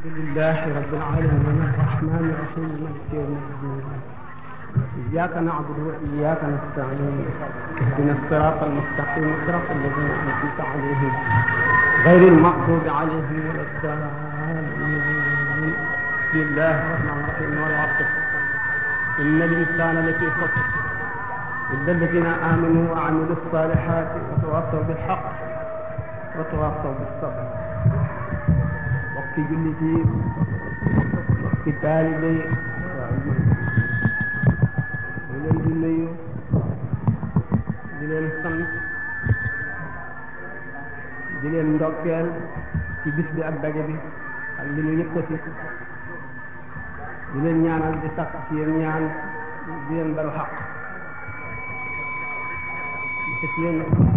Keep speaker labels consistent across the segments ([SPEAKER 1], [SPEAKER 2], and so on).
[SPEAKER 1] alhamdulilah rabbil alamin arrahmani rahim maliki yawmi ddin iyyaka na'budu wa iyyaka nasta'in ihdina as-sirata al-mustaqim sirata alladhina an'amta alayhim غير المغضوب عليهم ولا الضالين بسم الله الرحمن الرحيم والعصر إن الإنسان لفي خسر إلا الذين آمنوا وعملوا الصالحات وتواصوا بالحق وتواصوا بالصبر ci jullit yi ci taalibe yi ñu leen di nuyu di leen sant di ndokkeel ci bis bi ak bi ak li ñu yëkkati di leen ci yéen ñaan di leen balu ci yéen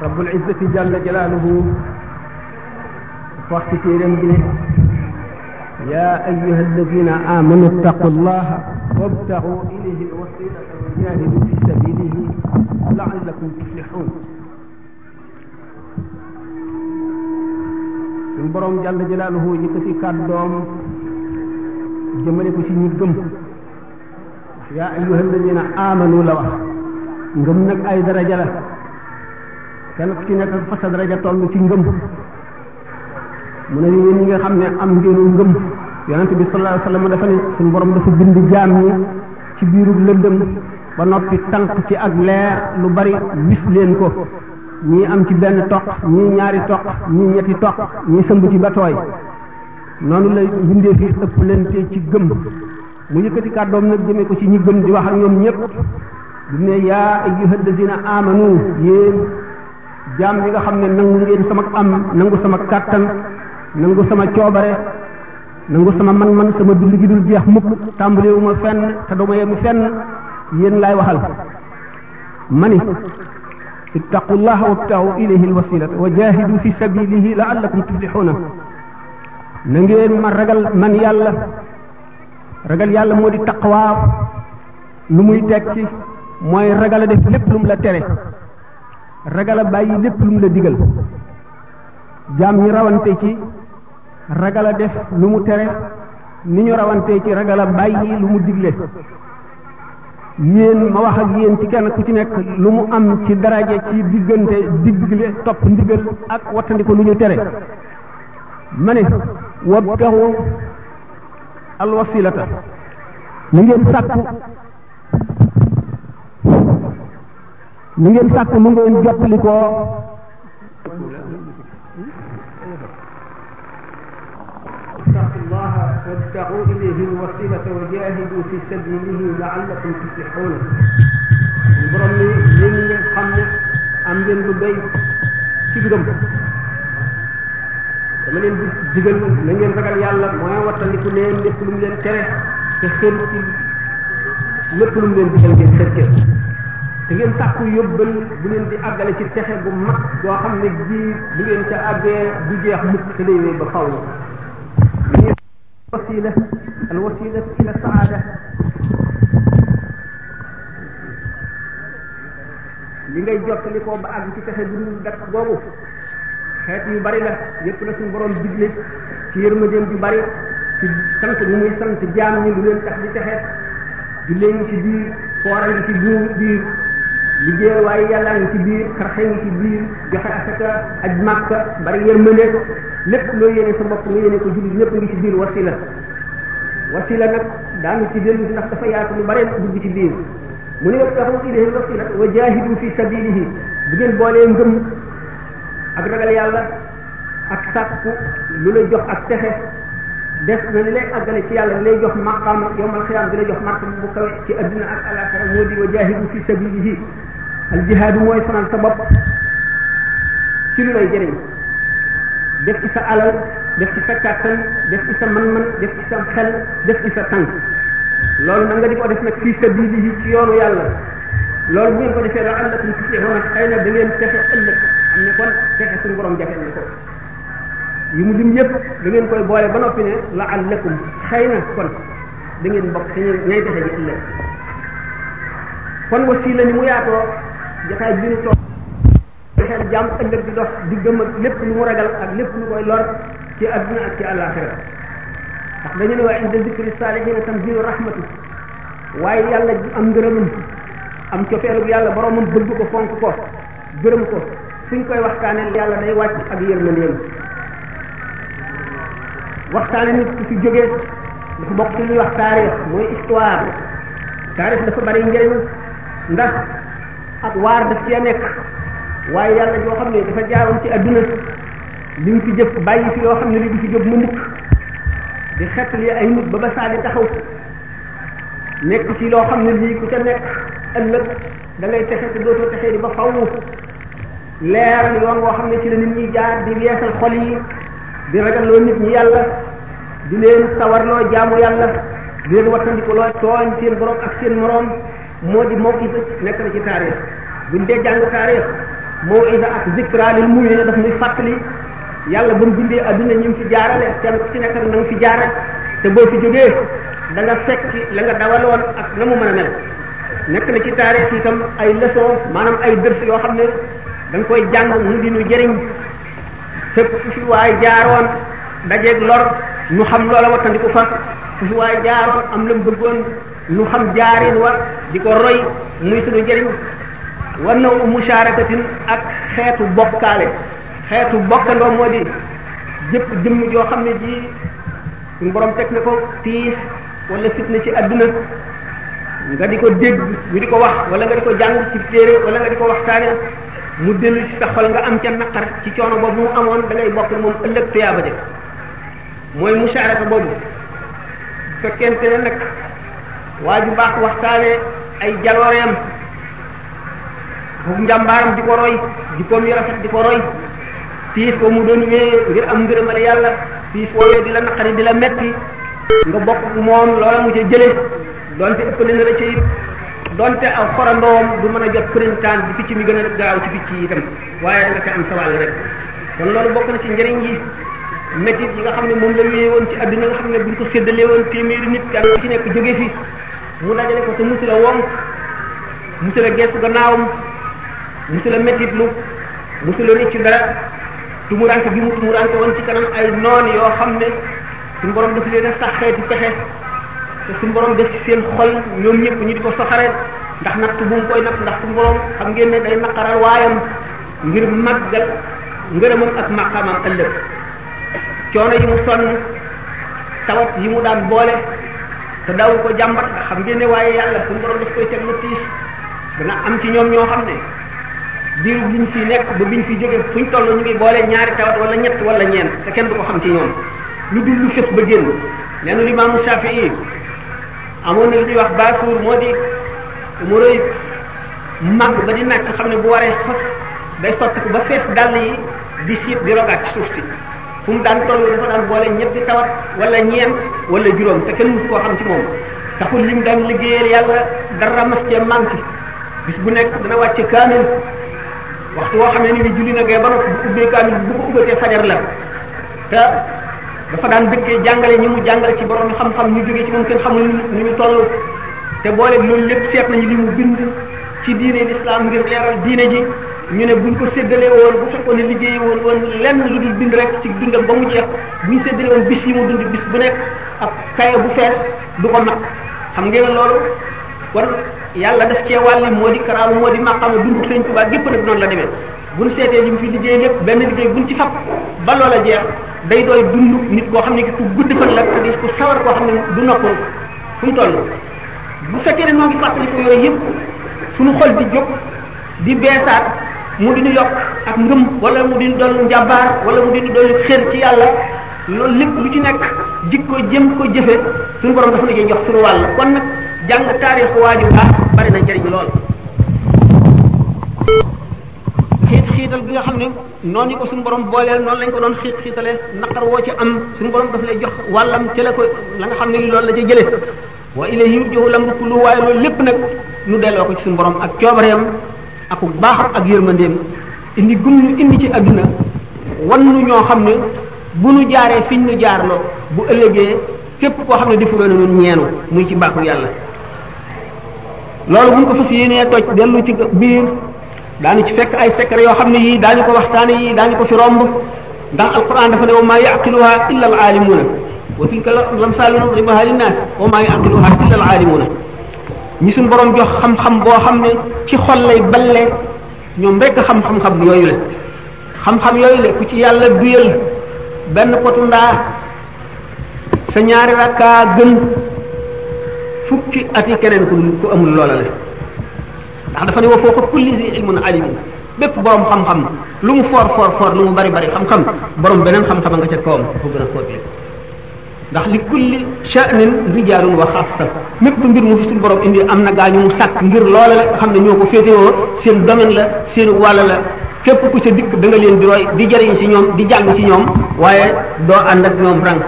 [SPEAKER 1] rabbul izzati jalla jalaaluhu wax ci téeram bi ne yaa ayyuha alladina amanu ittaqu llaha wabtagu ilayhi alwasilata wa jahidu fi sabilihi laallakum tuflixuun suñu boroom jalla jalaaluhu yëkkati kàddoom jëmale ko ci ñi gëm yaa ayyuha alladina amanu la wax ngëm nag ay daraja la kenn ku ci nekk fa sa daraja toll ci ngëm mu ne yéen ñi nga xam ne am ngeen ngëm yonente bi sallallahu alayhi wasallam dafa ne suñu borom dafa bind jaam ñi ci biiru lëndëm ba noppi tànk ci ak leer lu bari wis leen ko ñii am ci benn toq ñii ñaari toq ñii ñetti toq ñii sëmb ci ba tooy noonu la bindee fi ëpp leen te ci gëm mu yëkkati kàddoom nag jëmee ko ci ñi gëm di wax ak ñoom ñëpp du ne yaa ayyuhal lazina amanu yéen jaam ñi nga xam ne nangu ngeen sama am nangu sama kàttan nangu sama coobare nangu sama man-man sama dund gi dul jeex mukk tàmbalewu ma fenn te duma yemu fenn yéen laay waxal mani ittaqullaha wabtahu ilayhi alwasilata wa jahidu fi sabilihi la'allakum tuflihuna na ngeen ma ragal man yàlla ragal yàlla moo di taqwa lu muy tekki mooy ragal a def lépp lu la tere ragala bàyyi lépp lu mu la digal jaam ñi rawante ci ragal def lu mu tere ni ñu rawante ci ragal a bàyyi lu mu digle yéen ma wax ak yéen ci kenn ku ci nekk lu mu am ci daraje ci diggante digle topp ndigal ak wattandiko lu ñu tere ma ne wabtaxu alwasilata mu ngeen sàkku lu ngeen sàkk lu ngeen jottali ko اتقوا الله وابتغوا اليه الوسيله وجاهدوا في سبيله لعلكم تفلحون borom ni yéen ngeen xam ne am ngeen lu béy ci gëm dama leen di digal na ngeen ragal yàlla mooy wattandiku leen lépp lu mu leen tere te xéen ci lépp lu mu leen digal ngeen xërkee te ngeen sàkku yóbbal bu leen di àggale ci texe bu mag yoo xam ne ji bu ngeen ca àggee du jeex mukk te day wéy ba faw wasila al wasila ila saada li ngay jottali ko ba àgg ci texe bu dul dakk boobu xeet yu bari la yépp la suñu borom digle ci yërmandeem ju bari ci sant ñu muy sant jaam ñi lu leen tax di texe di leen ci biir fooral ci biir biir liggéey waaye yàlla ngi ci biir xarxa ngi a biir joxe asaka aj màkka bari yërmande lépp loo yéene sa bopp nga yéene ko jullit ñëpp ngi ci biir wasila wasila nag daanu ci dellu si ndax dafa yaatu lu bare ci biir mu ne wabtaxu ilayhi wasila wa jaahidu fi sabilihi bu ngeen boolee ngëm ak ragal yàlla ak sàkku lu la jox ak texe des na li lay àggale ci yàlla lay jox maqaama yowmal xiyaam di la jox martaba bu kawe ci adduna ak alaxira moo di wa jaahidu fi sabilihi al jihaadu mooy sonal sa bopp ci lu lay jëriñ def ci sa alal def ci sa kàttan def ci sa man-man def ci sa xel def ci sa tànk loolu na nga di ko def nag fii sabilihi ci yoonu yàlla loolu bu ngeen ko defee daal àllakum tuflihuna xëy na da ngeen texe ëllëg am ne kon texe suñu borom jafeel na ko yi mu lim yëpp da ngeen koy boole ba noppi ne la àllakum xëy na kon da ngeen bokk ci ñay texe ji ëllëg kon wasiila ni mu yaatoo jotaay bi ñu toog xel jàmm ëllëg di dox di gëm lépp lu mu ragal ak lépp lu koy lor ci adduna ak ci àllaaxira ndax dañu ne waa inda zikri saalihiina tanzilu rahmatu waaye yàlla am ngërëmam am cofeelu yàlla boromam bëgg ko fonk ko gërëm ko suñ koy waxtaanee yàlla day wàcc ak yërmandeem waxtaane nit ku fi jógee dafa bokk ci li wax taarix mooy histoire taarix dafa bari njëriñ ndax ak waar daf cee nekk waaye yàlla joo xam ne dafa jaaroon ci adduna li mu fi jëf bàyyi fi loo xam ne li du ci jóg mu mukk di xettali ay nit ba ba saa di taxaw nekk ci loo xam ne lii ku ca nekk ëllëg da ngay texe te dootoo texe di ba faww leeral yoon woo xam ne ci la nit ñi jaar di yeesal xol yi di ragaloo nit ñi yàlla di leen sawarloo jaamu yàlla di leen wattandikuloo tooñ seen borom ak seen moroom moo di mawqif nekk na ci taarix buñ dee jàng taarix mawida ak zikra lil mu'minin daf muy fàttali yàlla ba mu bindee adduna ñu ngi fi jaarale kenn ku ci nekk na nga fi jaarale te boo fi jógee da nga fekk la nga dawaloon ak na mu mën a mel nekk na ci taarix itam ay leçon maanaam ay dërs yoo xam ne da koy jàng mu di nu jëriñ fépp fu fi waay jaaroon dajeeg lor ñu xam loola wattandiku fa fu fi waay jaaroon am la mu bëggoon nu xam jaarin wa di ko roy muy suñu njëriñ war na musharakatin ak xeetu bokkaale xeetu bokkandoo moo di jëpp jëmm joo xam ne ji suñu borom teg na ko tiis wala fitna ci àdduna nga di ko dégg ñu di ko wax wala nga di ko jàng ci téere wala nga di ko waxtaane mu dellu ci sa xol nga am ca naqar ci coono boobu amoon da ngay bokk moom ëllëg tuyaaba de mooy musharaka boobu fekkente ne nag waa ju baax waxtaane ay jalooreem bu njàmbaaram di ko roy jikkoom yu rafet di ko roy siis ko mu doon wéyee ngir am ngërëmal yàlla fii woowee di la naqari di la metti nga bokk moom loola mu ca jële donte ëppale na la ca it donte aw xorandoom du mën a jot printemps di picc mi gën a gaaw ci picc yi itam waaye da nga am sawal rek kon loolu bokk na ci njëriñ yi métit yi nga xam ne moom la wéyee woon ci àdduna nga xam ne buñ ko séddalee woon téeméeri nit kenn ci jóge fi mu dajale ko te musi la wonk musi la gestu gannaawam musi la méttitlu musi la rëccu dara tumuranke bi mu tumuranke woon ci kanam ay noon yoo xam ne suñu borom daf leen a saxeeti pexe te suñu borom def ci seen xol ñoom ñëpp ñu di ko soxare ndax natt bu koy natt ndax suñu borom xam ngeen ne day naqaral waayam ngir màggal ngërëmam ak maqamam ëllëg coono yi mu sonn tawat yi mu daan boole te daawu ko jàmbat xam ngeen ne waaye yàlla suñu borom daf koy teg lu tiis dana am ci ñoom ñoo xam ne biir biñ fi nekk ba biñ fi jógee fuñ toll ñu ngi boole ñaari tawat wala ñett wala ñeent te kenn du ko xam ci ñoom ñu dul lu fës ba génn lenn limaamu Shafii amoon na li ñuy wax baakuur moo di mu rëy màgg ba di nàkk xam ne bu waree sot day sotti ko ba fees dàll yi di siit di rogaat ci suuf si fu mu daan toll dafa daan boole ñetti tawat wala ñeent wala juróom te kenn mës koo xam ci moom taxul lim daan liggéeyal yàlla dara mas cee manqué bis bu nekk dana wàcce kaamil waxtu woo xam ne ni bi julli na gee ba noppi bu ubbee kaamil bu ko ubbatee fajar la dafa daan dëkkee jàngale ñi mu jàngale ci borom xam-xam ñu jógee ci moom kenn xamul ni ñu toll te boole loolu lépp seet nañu li mu bind ci diine l'islam ngir leeral diine ji ñu ne buñ ko séddalee woon bu fekkoon liggéey woon woon lenn lu dul bind rek ci dundam ba mu jeex buñ séddalee woon bis yi mu dund bis bu nekk ak kaye bu fees du ko naq xam ngeen loolu kon yàlla daf cee wàlli moo di karaamu moo di maqaama dund sëñ Tuubaa gépp nag noonu la demee buñ seetee li mu fi liggéey lépp benn liggéey buñ ci fab ba loola jeex day dooy dund nit koo xam ne ku gudd fan la te ku sawar xam ne du noppalu fu mu toll bu fekkee ne noo ngi fàttali suñu xol di jóg di beesaat mu di ñu yokk ak ngëm wala mu di ñu doon njàmbaar wala mu di ñu doon xër ci yàlla loolu lépp lu ci nekk jikko jëm ko jëfe suñu borom dafa la jox suñu wàll kon nag jàng taarix waaju baax bari na njëriñ lool xiit xiital gi nga xam ne noonu ko suñu borom booleel noonu lañ ko doon xiit xiitale naqar woo ci am daf lay jox wàllam ca la ko la nga xam ne loolu la ca jële wa ilayhi yurja'u al-amru kullu waaye loolu lépp nag nu delloo ko ci suñu borom ak coobareem ak baaxam ak yërmandeem indi gum ñu indi ci adduna wan nu ñoo xam ne bu nu jaaree fiñ nu jaarloo bu ëllëgee képp koo xam ne defu na nun ñeenu muy ci mbaaxu yàlla loolu buñ ko fas yéenee toj dellu ci biir daanu ci fekk ay secret yoo xam ne yii daañu ko waxtaane yii daañu ko fi romb ndax alquran dafa ne wa maa yaqiluha illa al aalimuuna wa tilka lamsaalu nadribuha linnaas wa maa yaqiluha illa al aalimuuna ñi suñ borom jox xam-xam boo xam ne ci xol lay balle ñoom rekk xam-xam-xam yooyu la xam la ku ci yàlla duyal benn potu ndaa sa ñaari rakkaa gën fukki at yi keneen ku amul loola la ndax dafa ne wa fooqa kulli zi ilmun alimun bépp borom xam-xam lu mu foor foor foor lu mu bari bari xam-xam borom beneen xam-xam nga ca kawam ko gën a fóotli ndax li kulli sha'nin rijaalun wa xaasa mépp mbir mu fi boroom indi am na gaa ñu mu sàkk ngir loola la xam ne ñoo ko féetewoo seen domaine la seen wàll la képp ku sa dikk da leen di roy di jariñ ci ñoom di jàng ci ñoom waaye doo ànd ak ñoom rang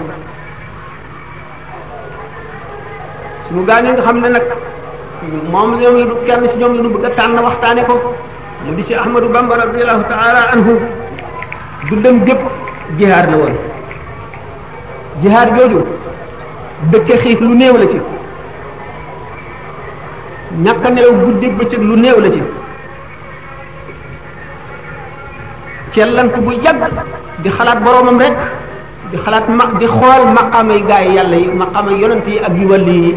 [SPEAKER 1] suñu gaa ñi nga xam ne nag moom ñoom kenn ci ñoom la ñu bëgg a tànn waxtaane ko mu di ci Ahmadou Bamba radiyallahu ta'ala anhu du dem gépp jihaar na woon jihaad jooju dëkke xiif lu néew la ci ñàkk a nelaw guddeeg bëccëg lu néew la ci cellant bu yàgg di xalaat boroomam rek di xalaat ma di xool maqaamay gaay yàlla yi maqaamay yonent yi ak yu wàlli yi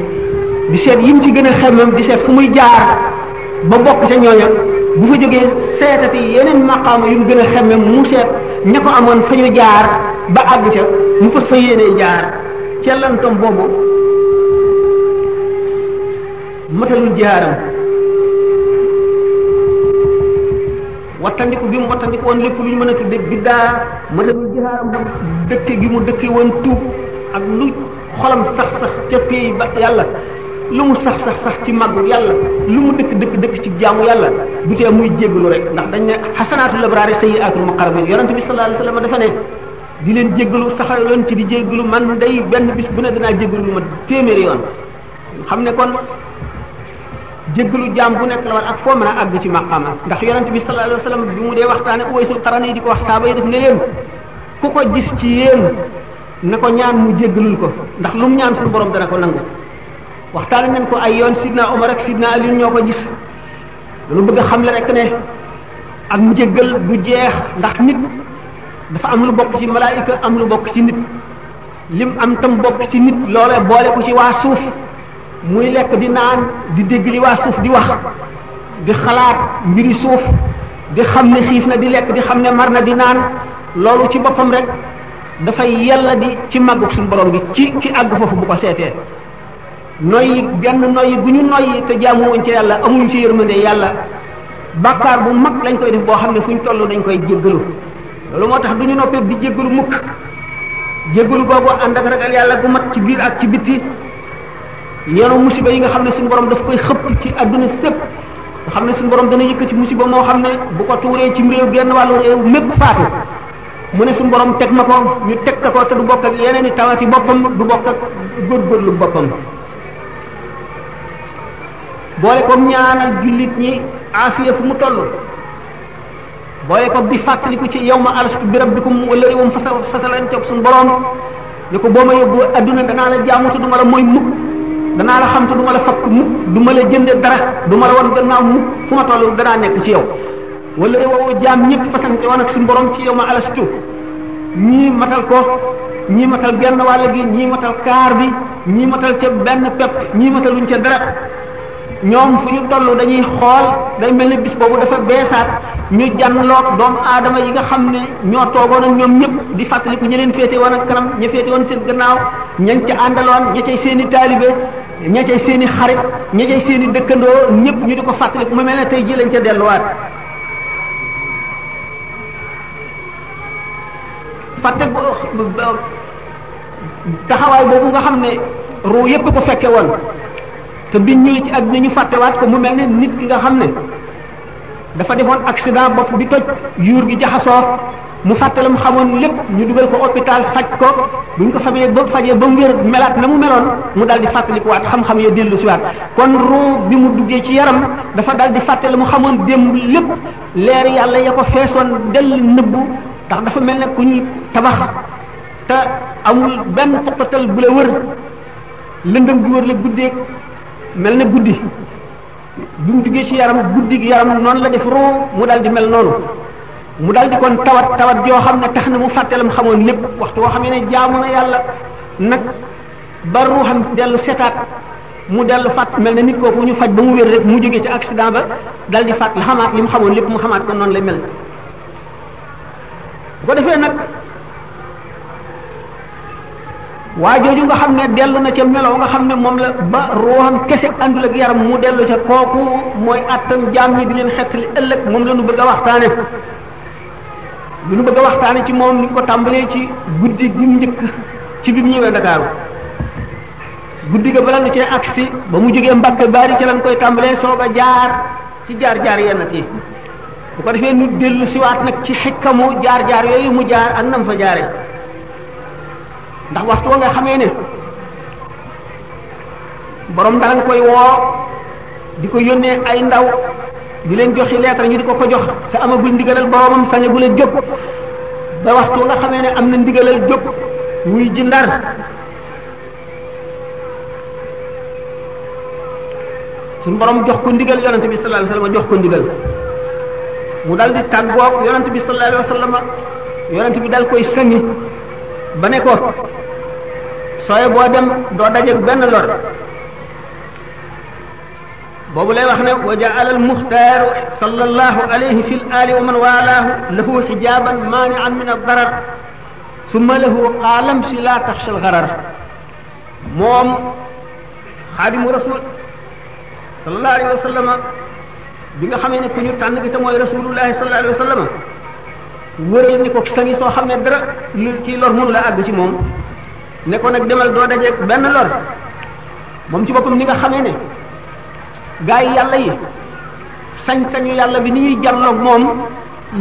[SPEAKER 1] di seet yim ci gën a xemmam di seet fu muy jaar ba bokk ca ñooña bu fa jógee seetati yeneen maqaama yu mu gën a xemmam mu seet ña ko amoon fa ñu jaar ba àgg ca mu fas fa yéene jaar cellantom boobu matalul jaaram wattandiku gi mu wattandiku woon lépp lu ñu mën a bi biddaa matalul jaaram bu dëkke gi mu dëkk woon tuub ak lu xolam sax sax ca pay ba yàlla lu mu sax sax sax ci màggu yàlla lu mu dëkk dëkk dëkk ci jaamu yàlla bu tee muy jéggalu rek ndax dañ ne xasanaatu labraari sayyi'aatul muqarrabiin yonente bi sallallahu alayhi wa sallam dafa ne di leen jéggalu saxaloon ci di jéggalu man day benn bis bu ne danaa jéggalu lu ma téeméeri yoon xam ne kon jéggalu jaam bu nekk la war ak foo mën a àgg ci maqaama ndax yonent bi sallallahu alayhi bi mu dee waxtaane Uwaysul Qarni di ko wax saaba yi def ne leen ku ko gis ci yéen na ko ñaan mu jéggalul ko ndax lu mu ñaan suñu borom dana ko nangu waxtaane nañ ko ay yoon Sidna Omar ak Sidna Ali ñoo ko gis dañu bëgg a xamle rek ne ak njéggal bu jeex ndax nit dafa am lu bokk ci malaayika am lu bokk ci nit lim am tam bokk ci nit loolee boole ko ci waa suuf muy lekk di naan di dégg li waa suuf di wax di xalaat mbiri suuf di xam ne xiif na di lekk di xam ne mar na di naan loolu ci boppam rek dafay yàlla di ci màggug suñu borom gi ci ci àgg foofu bu ko seetee noyyi benn noyyi bu ñu noyyi te jaamu woon ci yàlla amuñ ci yërmande yàlla bàkkaar bu mag lañ koy def boo xam ne fu ñu toll dañ koy jéggalu loolu moo tax du ñu noppee di jéggalu mukk jéggalu googu ànd ak ragal yàlla gu mat ci biir ak ci bitti yenu musiba yi nga xam ne suñu borom daf koy xëpp ci àdduna sépp nga xam ne suñu borom dana yëkkati musiba moo xam ne bu ko tuuree ci réew genn wàllu réew mépp faatu mu ne suñu borom teg na ko ñu teg na ko te du bokk ak yeneen i tawati boppam du bokk ak góorgóorlu boppam boole comme ñaanal jullit ñi aafiya fu mu toll booye ko di fàttaliku ci yow ma alastu bi rabbikum wala yow fasa fasalan toog suñu borom ni ko boo ma yóbbu adduna danaa la jaamu te du ma la mooy mukk danaa la xam te du ma la fakk du ma la jënde dara du ma la wan gannaaw mukk fu ma toll danaa nekk ci yow wala yow jaam ñëpp fasante woon ak suñu borom ci yow ma alastu ñii matal ko ñii matal genn wàll gi ñii matal kaar bi ñii matal ca benn pepp ñii matal luñ ca dara ñoom fu ñu toll dañuy xool day mel ni bis boobu dafa beesaat ñu janloog doomu aadama yi nga xam ne ñoo toogoon ak ñoom ñëpp di fàttaliku ñi leen féete woon ak kanam ña féete woon seen gannaaw ñañ ca àndaloon ña cay seen i taalibe ña cay seen i xarit ña cay seen i dëkkandoo ñëpp ñu di ko fàttaliku mu mel ne tey ji lañ ca delluwaat fàtte taxawaay boobu nga xam ne ruu yëpp ko fekke woon te biñ ñëwee ci àdduna ñu fàttewaat ko mu mel ne nit ki nga xam ne dafa defoon accident bi toj yuur gi jaxasoo mu fàttalam xamoon lépp ñu dugal ko hôpital faj ko buñ ko fajee ba fajee ba mu wér melaat na mu meloon mu dal di fàttalikuwaat xam-xam ya dellu siwaat kon ruu bi mu duggee ci yaram dafa dal di fàttali mu xamoon démb lépp leer yàlla ya ko feesoon dell nëbbu ndax dafa mel ne ku ñuy tabax te amul benn poqatal bu la wër lëndëm gi wër la guddeeg mel na guddi bi mu duggee ci yaram guddi gi yaramu noonu la def ruu mu dal di mel noonu mu dal di kon tawat tawat joo xam ne tax na mu mu xamoon lépp waxtu woo xam ne jaamu na yàlla nag ba ruuxam dellu setaat mu dellu fàtt mel na nit kooku ñu faj ba mu wér rek mu jógee ci accident ba dal di fàtt la xamaat li mu xamoon lépp mu xamaat ko noon lay mel bu ko defee nag waa jooju nga xam ne dellu na ca melaw nga xam ne moom la ba ruuxam kese àndul ak yaram mu dellu ca kooku mooy attan jaam ñi di leen xettali ëllëg moom la ñu bëgg a waxtaane lu ñu bëgg waxtaane ci moom ni ko tàmbalee ci guddi gi mu njëkk ci bi mu ñëwee Ndakaaru guddi ga bala nu cee agsi ba mu jógee Mbàkke Baari la lañ koy tàmbalee soog a jaar ci jaar-jaar yenn ci bu ko defee nu dellu waat nag ci xikkamu jaar-jaar yooyu mu jaar ak nam fa jaaree ndax waxtu wa nga xamee borom dara koy woo di ko yónnee ay ndaw di leen joxi lettre ñu di ko ko jox te amagul ndigalal boromam sañagul a jóg ba waxtu wa nga am na ndigalal jóg muy ji ndar suñu borom jox ko ndigal yonante bi sallallahu alayhi jox ko ndigal mu dal di tàggoog yonante bi sallallahu alayhi wasallam yonante dal koy sëñi ba ne ko sooy boo dem doo dajeeg benn lor boobu lay wax ne wa jaala al muxtaaru sallallahu alayhi fi l ali wa man walaahu lahu xijaaban maanian min addarar summa lahu qaalam si laa taxsha al xarar moom xaadimu rasul sallallahu alayhi wa sallama bi nga xamee ne ku ñu tànn gi te mooy rasulullahi sallallahu alayhi wa sallama wëral ni ko sangi soo xam ne dara lu ci lor mënu la àgg ci moom ne ko nag demal doo dajeeg benn lor moom ci boppam ni nga xamee ne gaa yi yàlla yi sañ-sañu yàlla bi ni ñuy jàlloog moom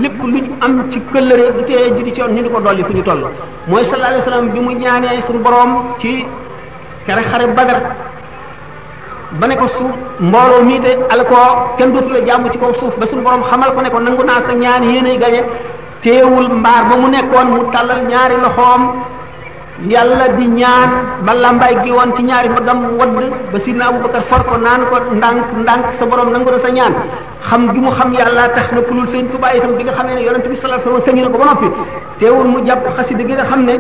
[SPEAKER 1] lépp lu am ci këllëre du tee ji di coon ñu di ko dolli fu ñu toll mooy sallallahu alayhi wasallam bi mu ñaanee suñu boroom ci kere xare Badar ba ne ko su mbooloo mii te al ko kenn dootu la jàmm ci kaw suuf ba suñu boroom xamal ko ne ko nangu naa sa ñaan yéenay gañe téewul mbaar ba mu nekkoon mu tàllal ñaari loxoom yàlla di ñaan ba làmbaay gi woon ci ñaari magam wadd ba sidna abubakar for ko naan ko ndànk ndànk sa borom nangu na sa ñaan xam gi mu xam yàlla tax na kulul sëñ Tuubaa itam gi nga xamee ne yonent bi sallallahu alayhi wasallam sëñ na ko ba noppi teewul mu jàpp xasida gi nga xam ne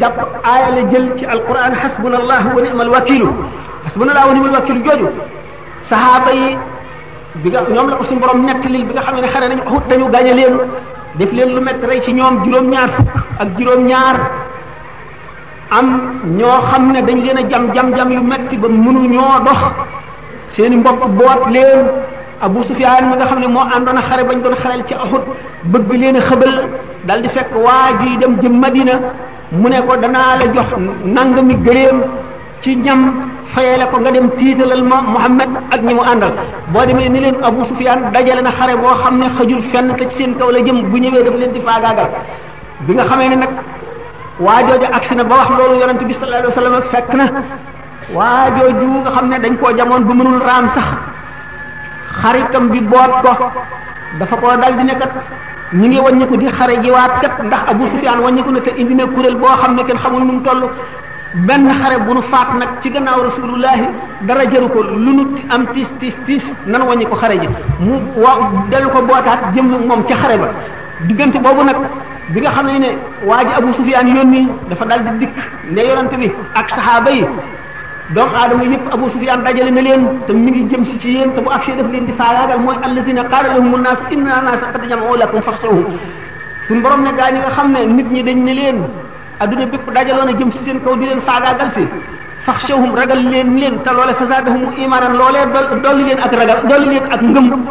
[SPEAKER 1] jàpp aaya la jël ci alquran hasbunallahu wa ni'mal wakilu hasbunallahu wa ni'mal wakilu jooju sahaaba yi bi nga ñoom la ko suñu borom nekk lil bi nga xam ne xare nañu xut dañu gaañe leen def leen lu métti rey ci ñoom juróom-ñaar fukk ak juróom-ñaar am ñoo xam ne dañ leen a jam jam jam yu métti ba mënu ñoo dox seeni mbokk boot leen Abu Sufyaan mi nga xam ne moo àndoon a xare bañ doon xareel ci Uhud bëgg leen a xëbal dal di fekk waa ji dem jëmma Madina mu ne ko danaa la jox nangami gëléem ci ñam fayale ko nga dem tiitalal ma Muhammad ak ñi mu àndal boo demee ni leen Abu Sufyaan dajale na xare boo xam ne xajul fenn te ci seen kaw la jëm bu ñëwee daf leen di faagaagal bi nga xamee ne nag waa jooju agsi na ba wax loolu yonent bi sallallahu alayhi wasallam fekk na waa jooju nga xam ne dañ koo jamoon bu mënul raam sax xaritam bi boot ko dafa ko dal di nekkat ñu ngi wàññiku di xare ji waat kat ndax Abu Sufyaan wàññiku na te indi na kuréel boo xam ne kenn xamul nu mu toll benn xare bu nu faat nag ci gannaaw rasulullahi dara jëru ko lu nu am tiis tiis tiis nan wàññi ko xare ji mu wa dellu ko bootaat jëm moom ca xare ba diggante boobu nag bi nga xam ne ne waa ji Abu Sufyaan yónni dafa dal di dikk ne yonante bi ak saxaaba yi doomu aadama yëpp Abu Sufyaan dajale na leen te mi ngi jëm si ci yéen te bu agsee daf leen di faagaagal mooy allazina qaala lahumu nnaas inna naasa qad jama'u lakum faxshawhum suñu borom ne gaa ñi nga xam ne nit ñi dañ ne leen adduna bépp dajaloon a jëm si seen kaw di leen faagaagal si faxshawhum ragal leen leen te loole fasaadahum imaanan loolee do dolli leen ak ragal dolli leen ak ngëm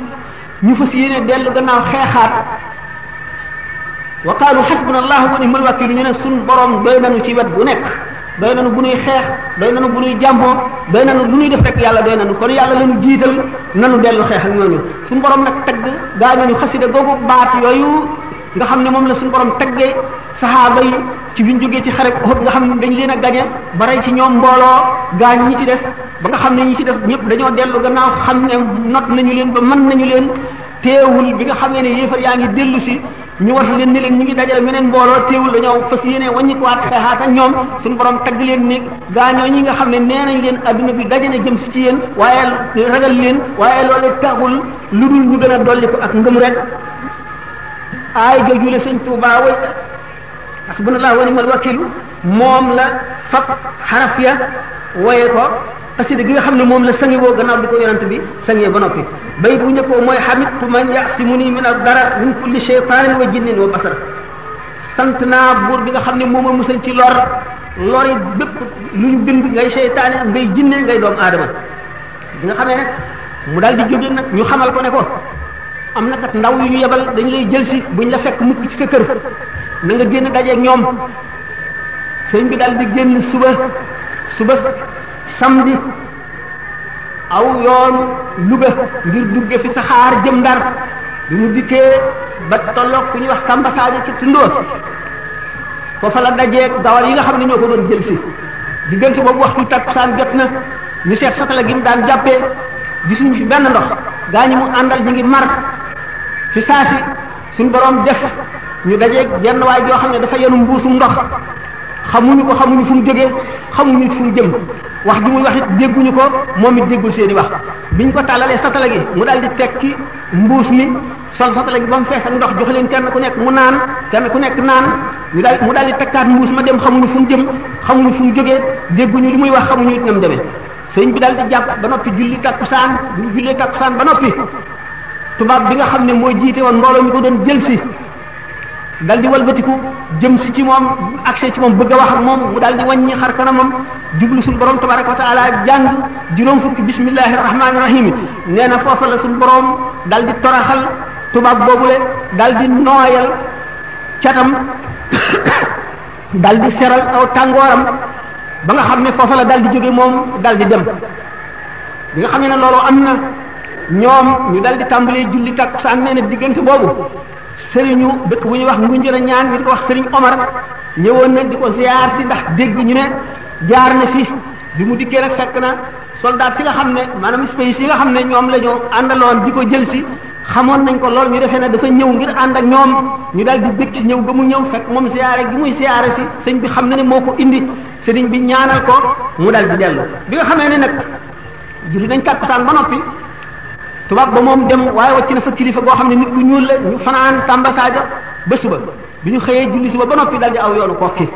[SPEAKER 1] ñu fas yéene dellu gannaaw xeexaat wa qaalu xasbuna allahu wa ni'mal wakiil ñu ne suñ borom doy nañu ci wet bu nekk doy nañu bu nuy xeex doy nañu bu nuy jàmboo doy na lu nuy def rek yàlla doy nañu kon yàlla lañu jiital nanu dellu xeex ak ñooñu suñ borom nag tagg gaa nañu xasida googu baat yooyu nga xam ne moom la suñu borom taggee saxaaba yi ci biñ jógee ci xare nga xam ne dañ leen a gañe ba rey ci ñoom mbooloo gaañ ñi ba nga xam ne ñi ci des ñëpp dañoo dellu gannaaw xam ne not nañu leen ba mën nañu leen teewul bi nga xamee ne yéefar yaa ngi dellu si ñu wax leen ni leen ñu ngi dajale meneen mbooloo teewul dañoo fas yéene wàññi ko waat xeexaat ak ñoom suñu borom tagg leen ni gaañoo ñi nga xam ne nee nañ leen adduna bi daje na jëm si ci yéen waaye ragal leen waaye loolu taxul lu dul ñu gën a dolli ko ak ngëm rek aay jojule sëñ Tuubaa way hasbunallahu wa ni'mal wakilu moom la fab xaraf ya wooye ko asida gi nga xam ne moom la sangi woo gannaaw bi ko yonent bi sangee ba noppi bayit bu njëkkoo mooy xamidtu man yasimuni min ad dara min kulli shaytanin wa jinnin wa basar sant naa bi nga xam ne moom a musal ci lor lor yi bépp lu ñu bind ngay seytaane ngay jinne ngay doom aadama bi nga xamee nag mu daal di jóge nag ñu xamal ko ne ko am na kat ndaw yu ñu yebal dañu lay jël si buñ la fekk mu ci sa kër na nga génn dajeeg ñoom sëñ bi dal di génn suba suba samedi aw yoonu Louga ngir dugge fi saxaar jëm Ndar bi mu dikkee ba tolloog ku ñuy wax Samba Sadio ci Tindóor foofa la dajeeg dawal yi nga xam ne ñoo ko doon jël si diggante boobu waxtu takkusaan jot na ñu seet satala gi mu daan jàppee gisuñu fi benn ndox gaa ñi mu àndal ñu ngi mar fi saasi suñ borom def ñu dajeeg benn waay joo xam ne dafa yenu mbuusum ndox xamuñu ko xamuñu fu mu jógee xamuñu fu mu jëm wax ji muy wax it dégguñu ko moom it déggul seeni wax biñ ko tàllalee satala gi mu daal di tekki mbuus mi sol satala gi ba mu fees ak ndox jox leen kenn ku nekk mu naan kenn ku nekk naan ñu daal mu daal di tekkaat mbuus ma dem xamuñu fu mu jëm xamuñu fu mu jógee dégguñu li muy wax xamuñu it nam demee sëñ bi daal di jàpp ba noppi julli takkusaan bu jullee takkusaan ba noppi tubaab bi nga xam ne mooy jiite woon mbooloo ñu ko doon jël si dal di walbatiku jëm si ci moom accès ci moom bëgg a ak moom mu daal di wàññi xar kanamam jublu suñu borom tabaraka wa taala jàng juróom fukki bismillahi rahmaani rahim nee na foofa la suñu borom dal di toraxal tubaab boobule dal di nooyal catam dal di seral aw tàngooram ba nga xam ne foofa la dal di jóge moom dal di dem bi nga xam ne ne loolu am na ñoom ñu dal di tàmbalee julli takkusaan nee na diggante boobu sëriñu dëkk bu ñuy wax Ngunjëla ñaan ñu di ko wax sëriñ Omar ñëwoon nañ di ko ziar si ndax dégg ñu ne jaar na fi bi mu dikkee nag fekk na soldat si nga xam ne maanaam space yi nga xam ne ñoom la ñu àndaloon di ko jël xamoon nañ ko lool ñu defee ne dafa ñëw ngir ànd ak ñoom ñu daal di bëgg ñëw ba mu ñëw fekk moom siyaare gi muy siyaare si sëñ bi xam na ne moo ko indi sëriñ bi ñaanal ko mu daal bi dellu bi nga xamee ne nag julli nañ kàkkusaan ba noppi tubaab ba moom dem waaye wàcc na fa kilifa goo xam ne nit ku ñuul la ñu fanaan tàmbakaaja ba suba bi ñu xëyee julli suba ba noppi daldi aw yoonu kokki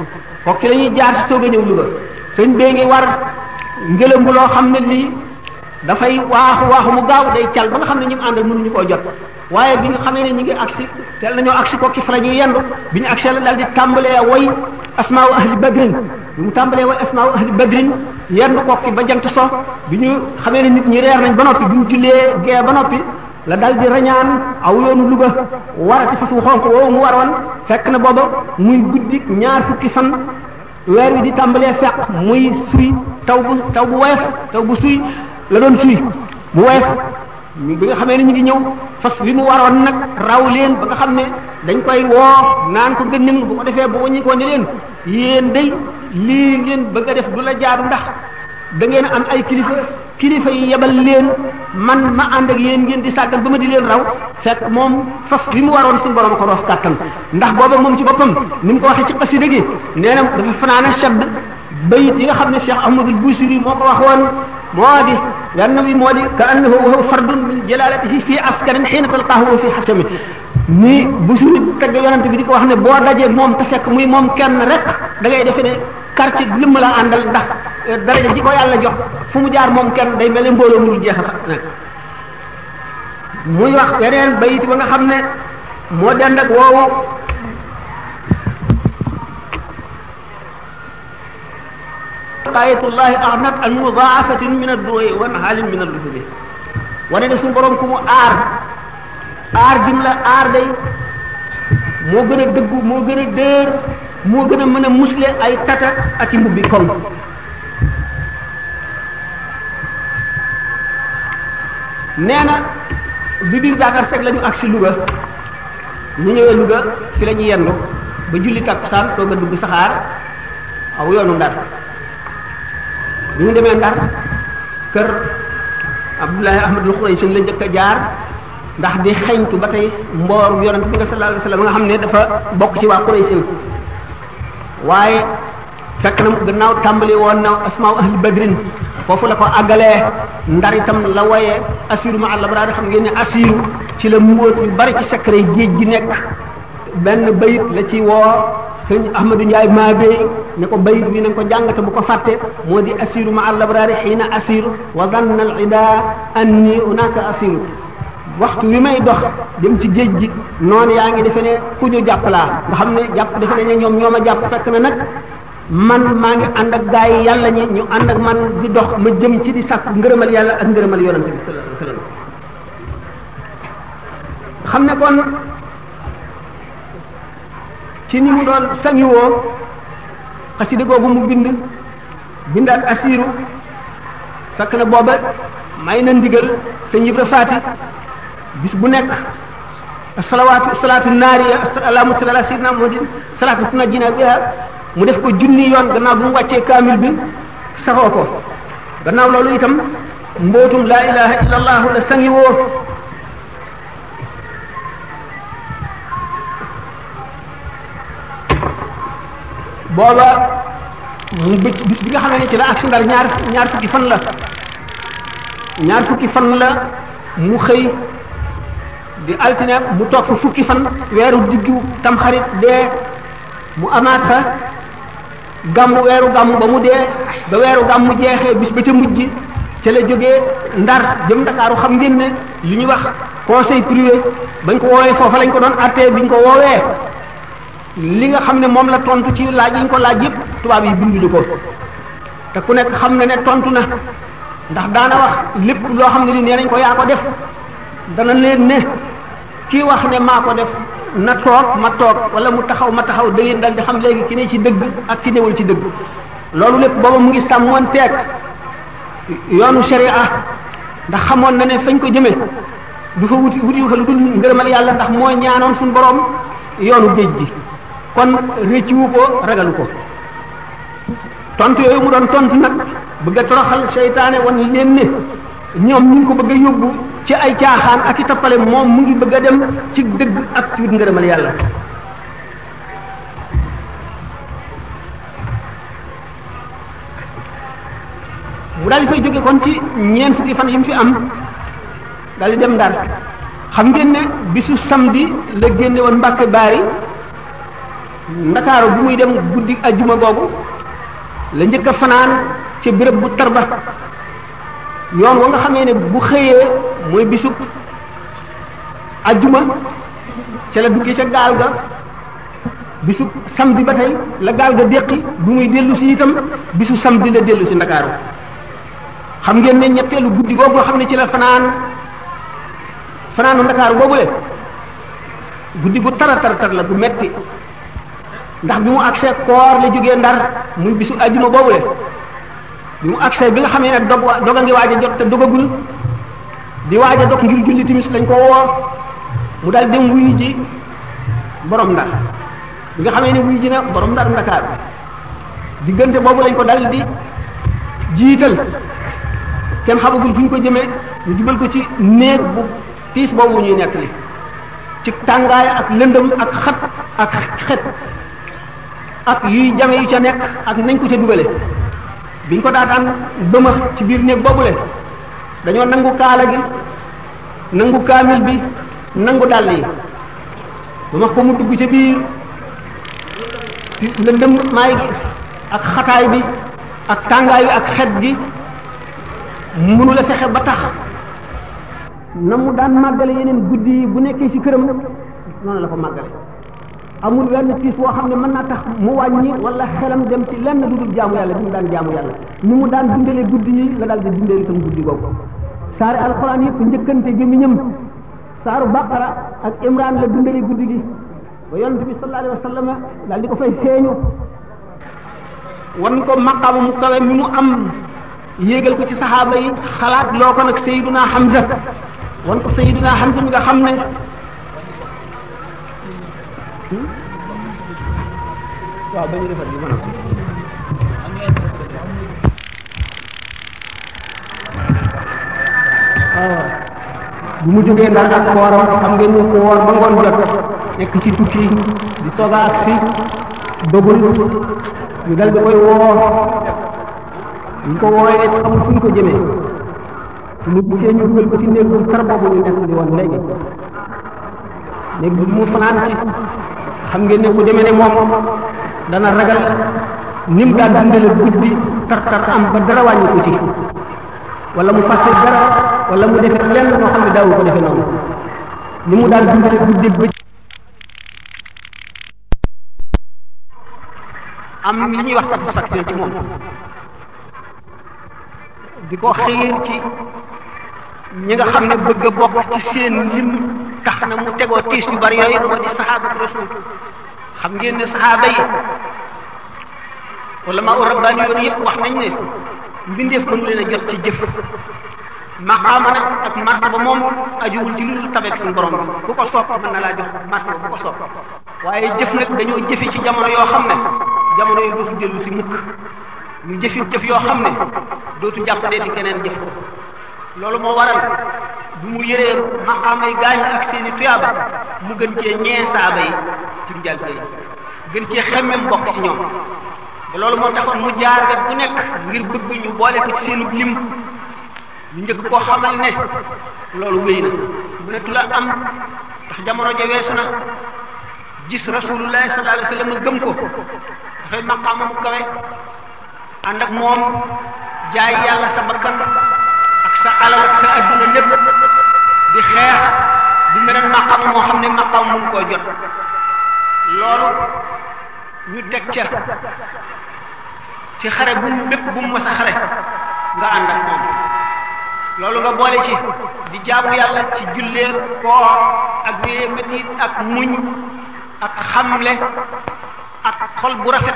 [SPEAKER 1] kokki la ñuy jaar si soog a ñëw Louga sëñ bee ngi war ngëlëmbu loo xam ne lii dafay waaxu waaxu mu gaaw day cal ba nga xam ne ñu àndal mënuñu koo jot waaye bi nga xamee ne ñi ngi agsi teel nañoo agsi ko ci fa la ñuy yendu bi ñu agsee la daal di tàmbalee woy asmaaw ahli badrin bi mu tàmbalee woy asmaaw ahli badrin yendu ko ci ba jant so bi ñu xamee ne nit ñi reer nañ ba noppi bi mu jullee gee ba noppi la dal di rañaan aw yoonu Louga a fas wu xonk woowu mu waroon fekk na booba muy guddi ñaar fukki fan weer wi di tàmbalee fekk muy suy taw bu taw bu woyof taw bu suy la doon suy bu woyof bi nga ne ñu ngi ñëw fas wi mu waroon nag raw leen ba nga xam ne dañ koy woo naan ko nga nim bu ko defee bu waññi ko ne leen yéen day lii ngeen bëgg a def du la jaar ndax ga ngeen am ay kilifa kilifa yi yebal leen man ma ànd ak yéen ngeen di sàggan ba ma di leen raw fekk moom fas bi mu waroon suñu borom ko roof kàttan ndax booba moom ci boppam ni mu ko waxee ci xasida gi nee na dafa fanaana shadd bayit yi nga xam ne Cheikh Ahmadul Busiri moo ko waxoon moo di wenn bi moo di ka annahu wa fardun min jalalatihi fi askarin xiina talqaahu fi xasami ni bu suñu tagg yonent bi di ko wax ne boo dajee moom te fekk muy moom kenn rek da ngay defe ne quartier lëmm la àndal ndax eh, daraja ji ko yàlla jox fu mu jaar moom ken day mel ne mbooloo mu dul jeexal nag muy wax yeneen bayi ba nga xam ne moo dend ak woowu ayatullahi ahnat an mudaafatin min ad-du'i wa halin min al-rusul wane na suñu borom ku mu aar aar dim la aar day moo gën a moo gën dër moo gën a mën a musle ay tata ak i mbubbi koŋ nee na bi biir Dakar fekk la ñu agsi Louga ñu ñëwee luga fi la yendu ba julli takkusaan soog a dugg saxaar aw yoonu Ndar bi ñu demee Ndar kër Abdullahi Ahmadul Xuraysi la njëkk jaar ndax di xeñtu ba tey mboor yonent bi nga sallallahu alayhi wasallam nga xam ne dafa bokk ci waa Xuraysi waaye fekk na gannaaw tàmbali woon na asmaaw ahli badrin foofu la ko àggalee ndar itam la woyee asiru ma àllabraar xam ngeen ne asiru ci la mbóot yu bari ci secret géej gi nekk benn bayit la ci woo sëñ Ahmadou Ndiaye maa béy ne ko bayit bi nañ ko jàngate bu ko fàtte moo di asiru ma al abrari xiina asiru wa zanna al ida anni hunaka asiru waxtu wi may dox dem ci géej gi noonu yaa ngi defe ne ku ñu jàpp laa nga xam ne jàpp defe ne ñoom ñoo ma jàpp fekk na nag man maa ngi ànd ak gaa yi yàlla ñi ñu ànd ak man di dox ma jëm ci di sàkku ngërëmal yàlla ak ngërëmal yonante bi sallallahu alayhi wasallam xam ne kon ci ni mu doon sañiwoo xasida googu mu bind bind ak asiru fekk booba may na ndigal sëñ Ibra Faati bis bu nekk salawaatu salaatu naariya allahumma salli ala sayyidina muhammadin salaatu tunajjina biha mu def ko junni yoon gannaaw bu mu wàccee kaamil bi saxoo ko gannaaw loolu itam mbootum laa ilaha illa allah la sangi woo booba mu bëgg bis bi nga xamee ne ci la ak sundar ñaar ñaar fukki fan la ñaar fukki fan la mu xëy di altine mu toog fa fukki fan weeru diggu tamxarit dee mu amaat fa gàmmu weeru gàmmu ba mu dee ba weeru gàmmu jeexee bis ba ca mujj ca la jógee ndar jëm ndakaaru xam ngeen ne li ñuy wax conseil privé bañ ko woowee foofa lañ ko doon artee biñ ko woowee li nga xam ne moom la tontu ci laaj yi ñu ko laaj yépp tubaab yi binduñu ko te ku nekk xam na ne tontu na ndax daana wax lépp loo xam ne li nee nañ ko yaa ko def dana leen ne kii wax ne maa ko def na toog ma toog wala mu taxaw ma taxaw da ngeen dal di xam léegi ki ne ci dëgg ak ki newul ci dëgg loolu lépp booba mu ngi sàmmoonteeg yoonu sharia ndax xamoon na ne fañ ko jëmee du fa wuti wuti fa lu dul ngërëmal yàlla ndax moo ñaanoon suñu boroom yoonu géej gi kon rëcciwu ko ragalu ko tontu yooyu mu doon tontu nag bëgg a toroxal seytaane wan leen ne ñoom ñu ko bëgg a yóbbu ci ay caaxaan ak i tappale moom mu ngi bëgg a dem ci dëgg ak ci wut ngërëmal yàlla mu daal fay jóge kon ci ñeent fukki fan yi mu fi am daal di dem ndar xam ngeen ne bisu samedi la génne woon Mbàkke Baari ndakaaru bu muy dem guddi ajjuma googu la njëkk a fanaan ca bërëb bu tarba yoon wa nga xamee ne bu xëyee mooy bisub ajjuma ca la dugge ca gaal ga bisu samedi ba tey la gaal ga déqi bu muy dellu si itam bisu samedi la dellu si ndakaaru xam ngeen ne ñetteelu guddi googu nga xam ne ci la fanaan fanaanu ndakaaru googule guddi bu tara tar tar la gu metti ndax bi mu agsee koor la jógee ndar muy bisu ajjuma boobule bi mu agsee bi nga xamee ne dog a ngi waaj a jot te dogagul di waaj a dog ngir julli timis lañ koo woo mu dal dem wuy ji borom ndar bi nga xamee ne wuy ji na borom ndar ndakaar diggante boobu lañ ko dal di jiital kenn xamagul fu ko jëmee ñu jubal ko ci néeg bu tiis boobu ñuy nekk li ci tàngaay ak lëndëm ak xat ak xet ak yuy jame yu ca nekk ak nañ ko ca dugale biñ ko daa daan bëma ci biir néeg boobule dañoo nangu kaala gi nangu kaamil bi nangu dàll yi ba ma ko mu dugg ca biir lëndëm maay gi ak xataay bi ak tàngaay bi ak xet gi mënu la fexe ba tax na mu daan màggale yeneen guddi yi bu nekkee ci këram noonu la ko màggale amul wenn tiis woo xam ne mën naa tax mu wàññi wala xelam dem ci lenn du dul jaamu yàlla bi mu daan jaamu yàlla ni mu daan dundalee guddi yi la daal di dundalee itam guddi googu saari alxuraan yëpp njëkkante gémmiñam saaru baqara ak imran la dundalee guddi gi ba yonent bi sallallahu alayhi wa la daal di ko fay feeñu wan ko maqaama mu kawe mi mu am yéegal ko ci saxaaba yi xalaat loo ko nag Seydina Hamza wan ko Seydina Hamza xam ne waaw ba ñu defar ñu mën a ah. bu mu jógee ndar ak kooram xam ko ba ngoon jot nekk ci tukki di soga ak si bëggul ñu dal di koy woor ñu ko wooyee xamul fu ñu ko jëmee ñu dugal ko ci néeg bu tar boobu nekk di woon léegi néeg bi mu fanaan ci xam ngeen ne ku demee ne moom dana ragal ni mu daan dundale guddi tar tar am dara wàññi ci wala mu fàtte dara wala mu defe lenn loo xam ne daawu ko defe noonu ni mu daan dundale guddi bëj am li ñuy wax satisfaction ci moom di ko xiir ci ñi nga xam ne bëgg a bokk ci seen lim tax na mu tegoo tiis yu bari yooyu moo di saxaabatu rasul xam ngeen ne saxaaba yi wala maa u rabbaani yoon yëpp wax nañ ne mbindeef mënu leen a jot ci jëf maqaama nag martaba moom ajuwul ci lu tabeek suñu borom bi bu ko sopp mën na laa jox martaba bu ko sopp waaye jëf nag dañoo jëfi ci jamono yoo xam ne jamono yi dootu dellu si mukk ñu jëfi jëf yoo xam ne dootu jàppandee si keneen jëf ko loolu moo waral bu mu yëree maqaamay gaañ ak seeni tuyaaba mu gën cee ñee saaba yi ci njàl yi gën cee xemmem bokk ci ñoom ba loolu moo taxoon mu jaar gat bu nekk ngir bëgg ñu boole ko ci seenu lim ñu njëkk koo xamal ne loolu wéy na mu ne tu am ndax jamono ja weesu na gis rasulullahi sallallahu alayhi wasallam gëm ko dafay maqaama mu kawe ànd ak moom jaay yàlla sa bakkan sa alal ak sa adduna lépp di xeex di meneen maqam moo xam ne maqam mun koo jot loolu ñu teg ca ci xare bu mu bépp bu mu mas a xare nga ànd ak moom loolu nga boole ci di jaamu yàlla ci julleer koor ak wéye métit ak muñ ak xamle ak xol bu rafet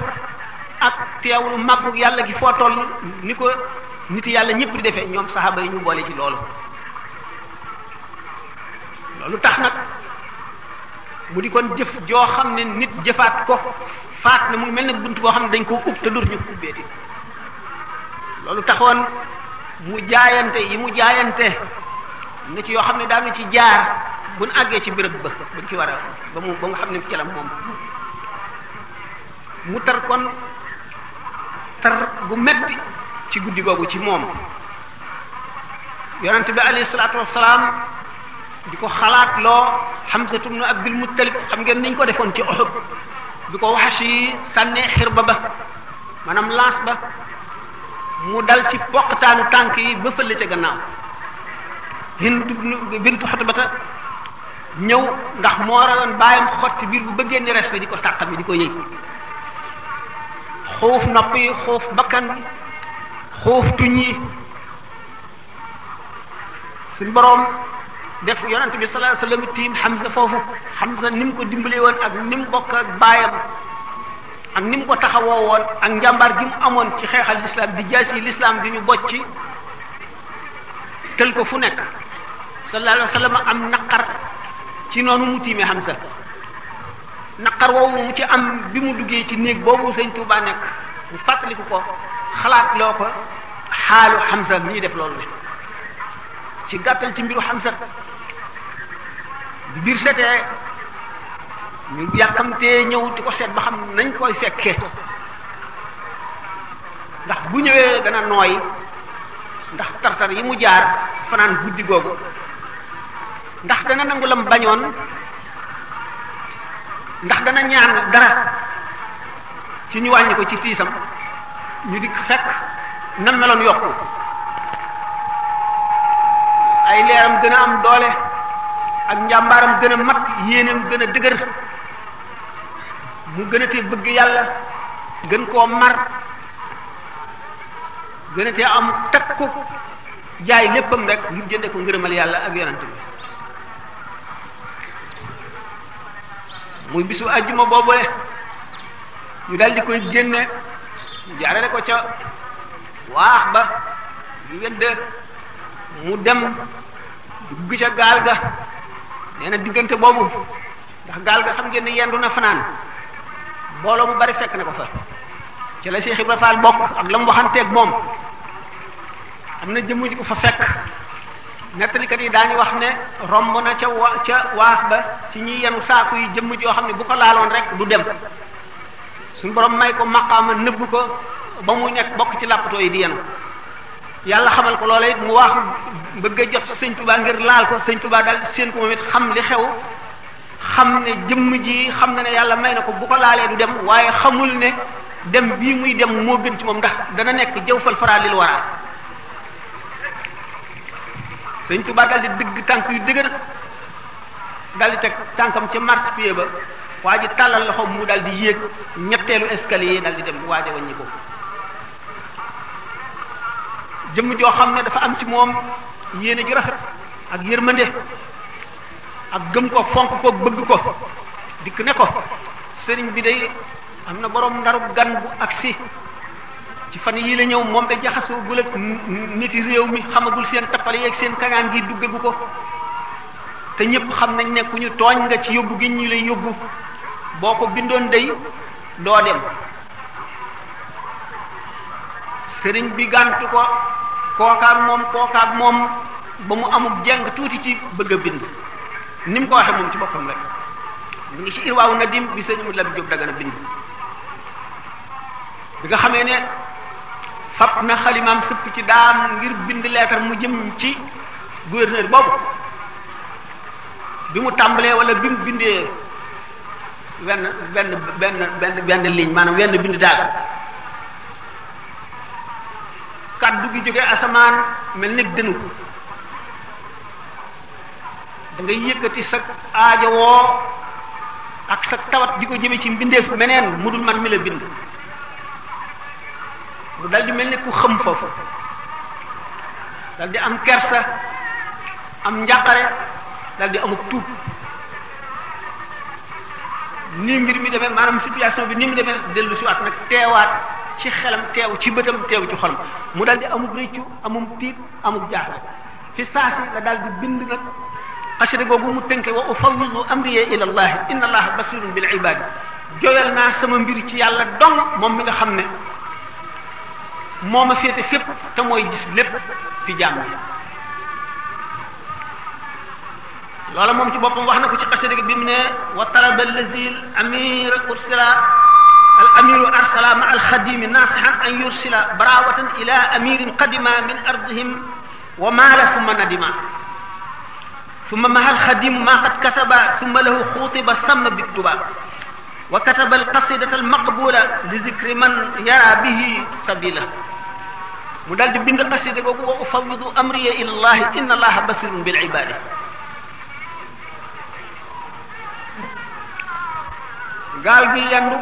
[SPEAKER 1] ak teewlu màggu yàlla gi foo toll ni ko nit yàlla ñëpp di defee ñoom saxaaba yi ñu boole ci loolu loolu tax nag mu di kon jëf joo xam ne nit jëfaat ko faat na mu mel ne bunt boo xam ne dañ ko ub te dur ñu ubbeeti loolu taxoon mu jaayante yi mu jaayante na yoo xam ne daanu ci jaar buñ àggee ci béréb ba buñ ci war a ba nga xam ne ci la moom mu tar kon tar bu metti ci guddi googu ci moom yonent bi alayhi salaatu wassalaam di ko xalaat loo Hamzatu ibn Abdul Muttalib xam ngeen dañ ko defoon ci Uhud bi ko Wahshi ci sànnee xirba ba maanaam las ba mu dal ci poqtaanu tànk yi ba fële ca gannaaw Hind bintu Utbata ñëw ndax moo rawoon bàyyam xotti biir bu bëggee ni res bi di ko sàq bi di ko yëy xuuf nopp yi xuuf bakkan bi xuuf tuñ yi suñ boroom def yonent bi sallallahu alayhi wasallam tiim Hamza foofu Hamza ni mu ko dimbalee woon ak ni mu bokk ak baayam ni mu ko taxawoo woon ak njàmbaar gi amoon ci xeexal lislaam di jaas yi lislaam di ñu bocci tël ko fu nekk sallallahu alayhi am naqar ci noonu mu tiime Hamza naqar woowu mu ci am bi mu duggee ci néeg boobu Sëñ Tuubaa nekk mu fàttaliku ko xalaat loo ko xaalu mi mii def loolu ne ci gàttal ci mbiru Hamza biir setee ñu yàkkamtee ñëw di ko seet ba xam nañ koy fekkee ndax bu ñëwee dana nooy ndax tartar yi mu jaar fanaan guddi googu ndax dana nangu lam bañoon ndax dana ñaan dara ci ñu wàññi ko ci tiisam ñu dikk fekk nan meloon yokku ay leeram gën a am doole ak njàmbaaram gën a mag yéeneem gën a dëgër mu gën a te bëgg yàlla gën koo mar gën a te am takku jaay léppam rek ngir jënde ko ngërëmal yàlla ak yonent muy bisu àjjuma boobule ñu dal koy génne jaarale ko ca waax ba di wedd mu dem dugg ca gaal ga nee na diggante boobu ndax gaal ga xam ngeen ne yendu na fanaan mbooloo mu bari fekk na ko fa ci la Cheikh Ibrahima Fall bokk ak la mu moom am na jëmm ji ko fa fekk nettalikat yi daañu wax ne romb na ca wa ca waax ba ci ñiy yenu saaku yi jëmm joo xam ne bu ko laaloon rek du dem suñu borom may ko maqaama nëbb ko ba mu nekk bokk ci làppatoo yi di yenu yàlla xamal ko loola it mu waax bëgg a jot sëñ tubaa ngir laal ko sëñ baa daal seen xam li xew xam ne jëmm ji xam na ne yàlla may na ko bu ko laalee dem waaye xamul ne dem bii muy dem moo gën ci moom ndax dana nekk jëw fal faraa lil waraa sëñ tubaa daal di dëgg tànk yu dëgër daal di teg tànkam ca marche pied ba waa ji tàllal loxo mu daal di yéeg ñetteelu escalier daal di dem waaj a wàññi ko jëmm joo xam ne dafa am ci moom yéene ju rafet ak yërmande ak gëm ko fonk ko bëgg ko dikk ne ko sëriñ bi day am na borom ndaru gan bu agsi ci fan yii la ñëw moom da jaxasoo gul ak niti réew mi xamagul seen tappale yeeg seen kañaan gi duggagu ko te ñëpp xam nañ ne ku ñu tooñ nga ci yóbbu gi ñu lay yóbbu boo ko bindoon day doo dem sëriñ bi gàntu ko kookaak moom kookaak moom ba mu amuk jeng tuuti ci bëgg a bind ni mu ko waxee moom ci boppam rek mu ngi ci irwaawu nadim bi sëriñ mu lam jóg dagan bind bi nga xamee ne fab na xalimaam sëpp ci daam ngir bind leetar mu jëm ci gouverneur boobu bi mu tàmbalee wala bi bindee wenn benn benn benn benn ligne maanaam wenn bind daal kaddu gi jóge asamaan mel ni dënu da ngay yëkkati sa aajowoo ak sa tawat di ko jëme ci mbindeef meneen mu dul man mi la bind mu dal mel ni ku xëm foofu dal am kersa am njàqare dal di amuk tuub nii mbir mi demee maanaam situation bi ni mu demee dellu si waat nag teewaat ci xelam teew ci bëtam teew ci xol mu daal di amug rëccu amum tiit amug jaaxle fi saasi la daal di bind nag xasida googu mu tënke woo ufawidu amriye ila allahi inna allaha basirun bil ibadi joyal naa sama mbir ci yàlla dong moom mi nga xam ne moo ma féete fépp te mooy gis lépp fi jàmm loola moom ci boppam wax na ko ci xasida bi mu ne wa talaba allazil amir ursila al amiru arsala ma al xadimi nasihan an yursila barawatan ila amirin qadima min ardihim wa maala summa nadima summa maha al xadimu ma qad kasaba summa lahu xutiba samma biktuba wa kataba al qasidata al maqbula li zikri man yara bihi sabila mu daal di bind xasida googu wa ufawidu amriya ila allahi inna allaha basirun bil ibadi gaal gi yendu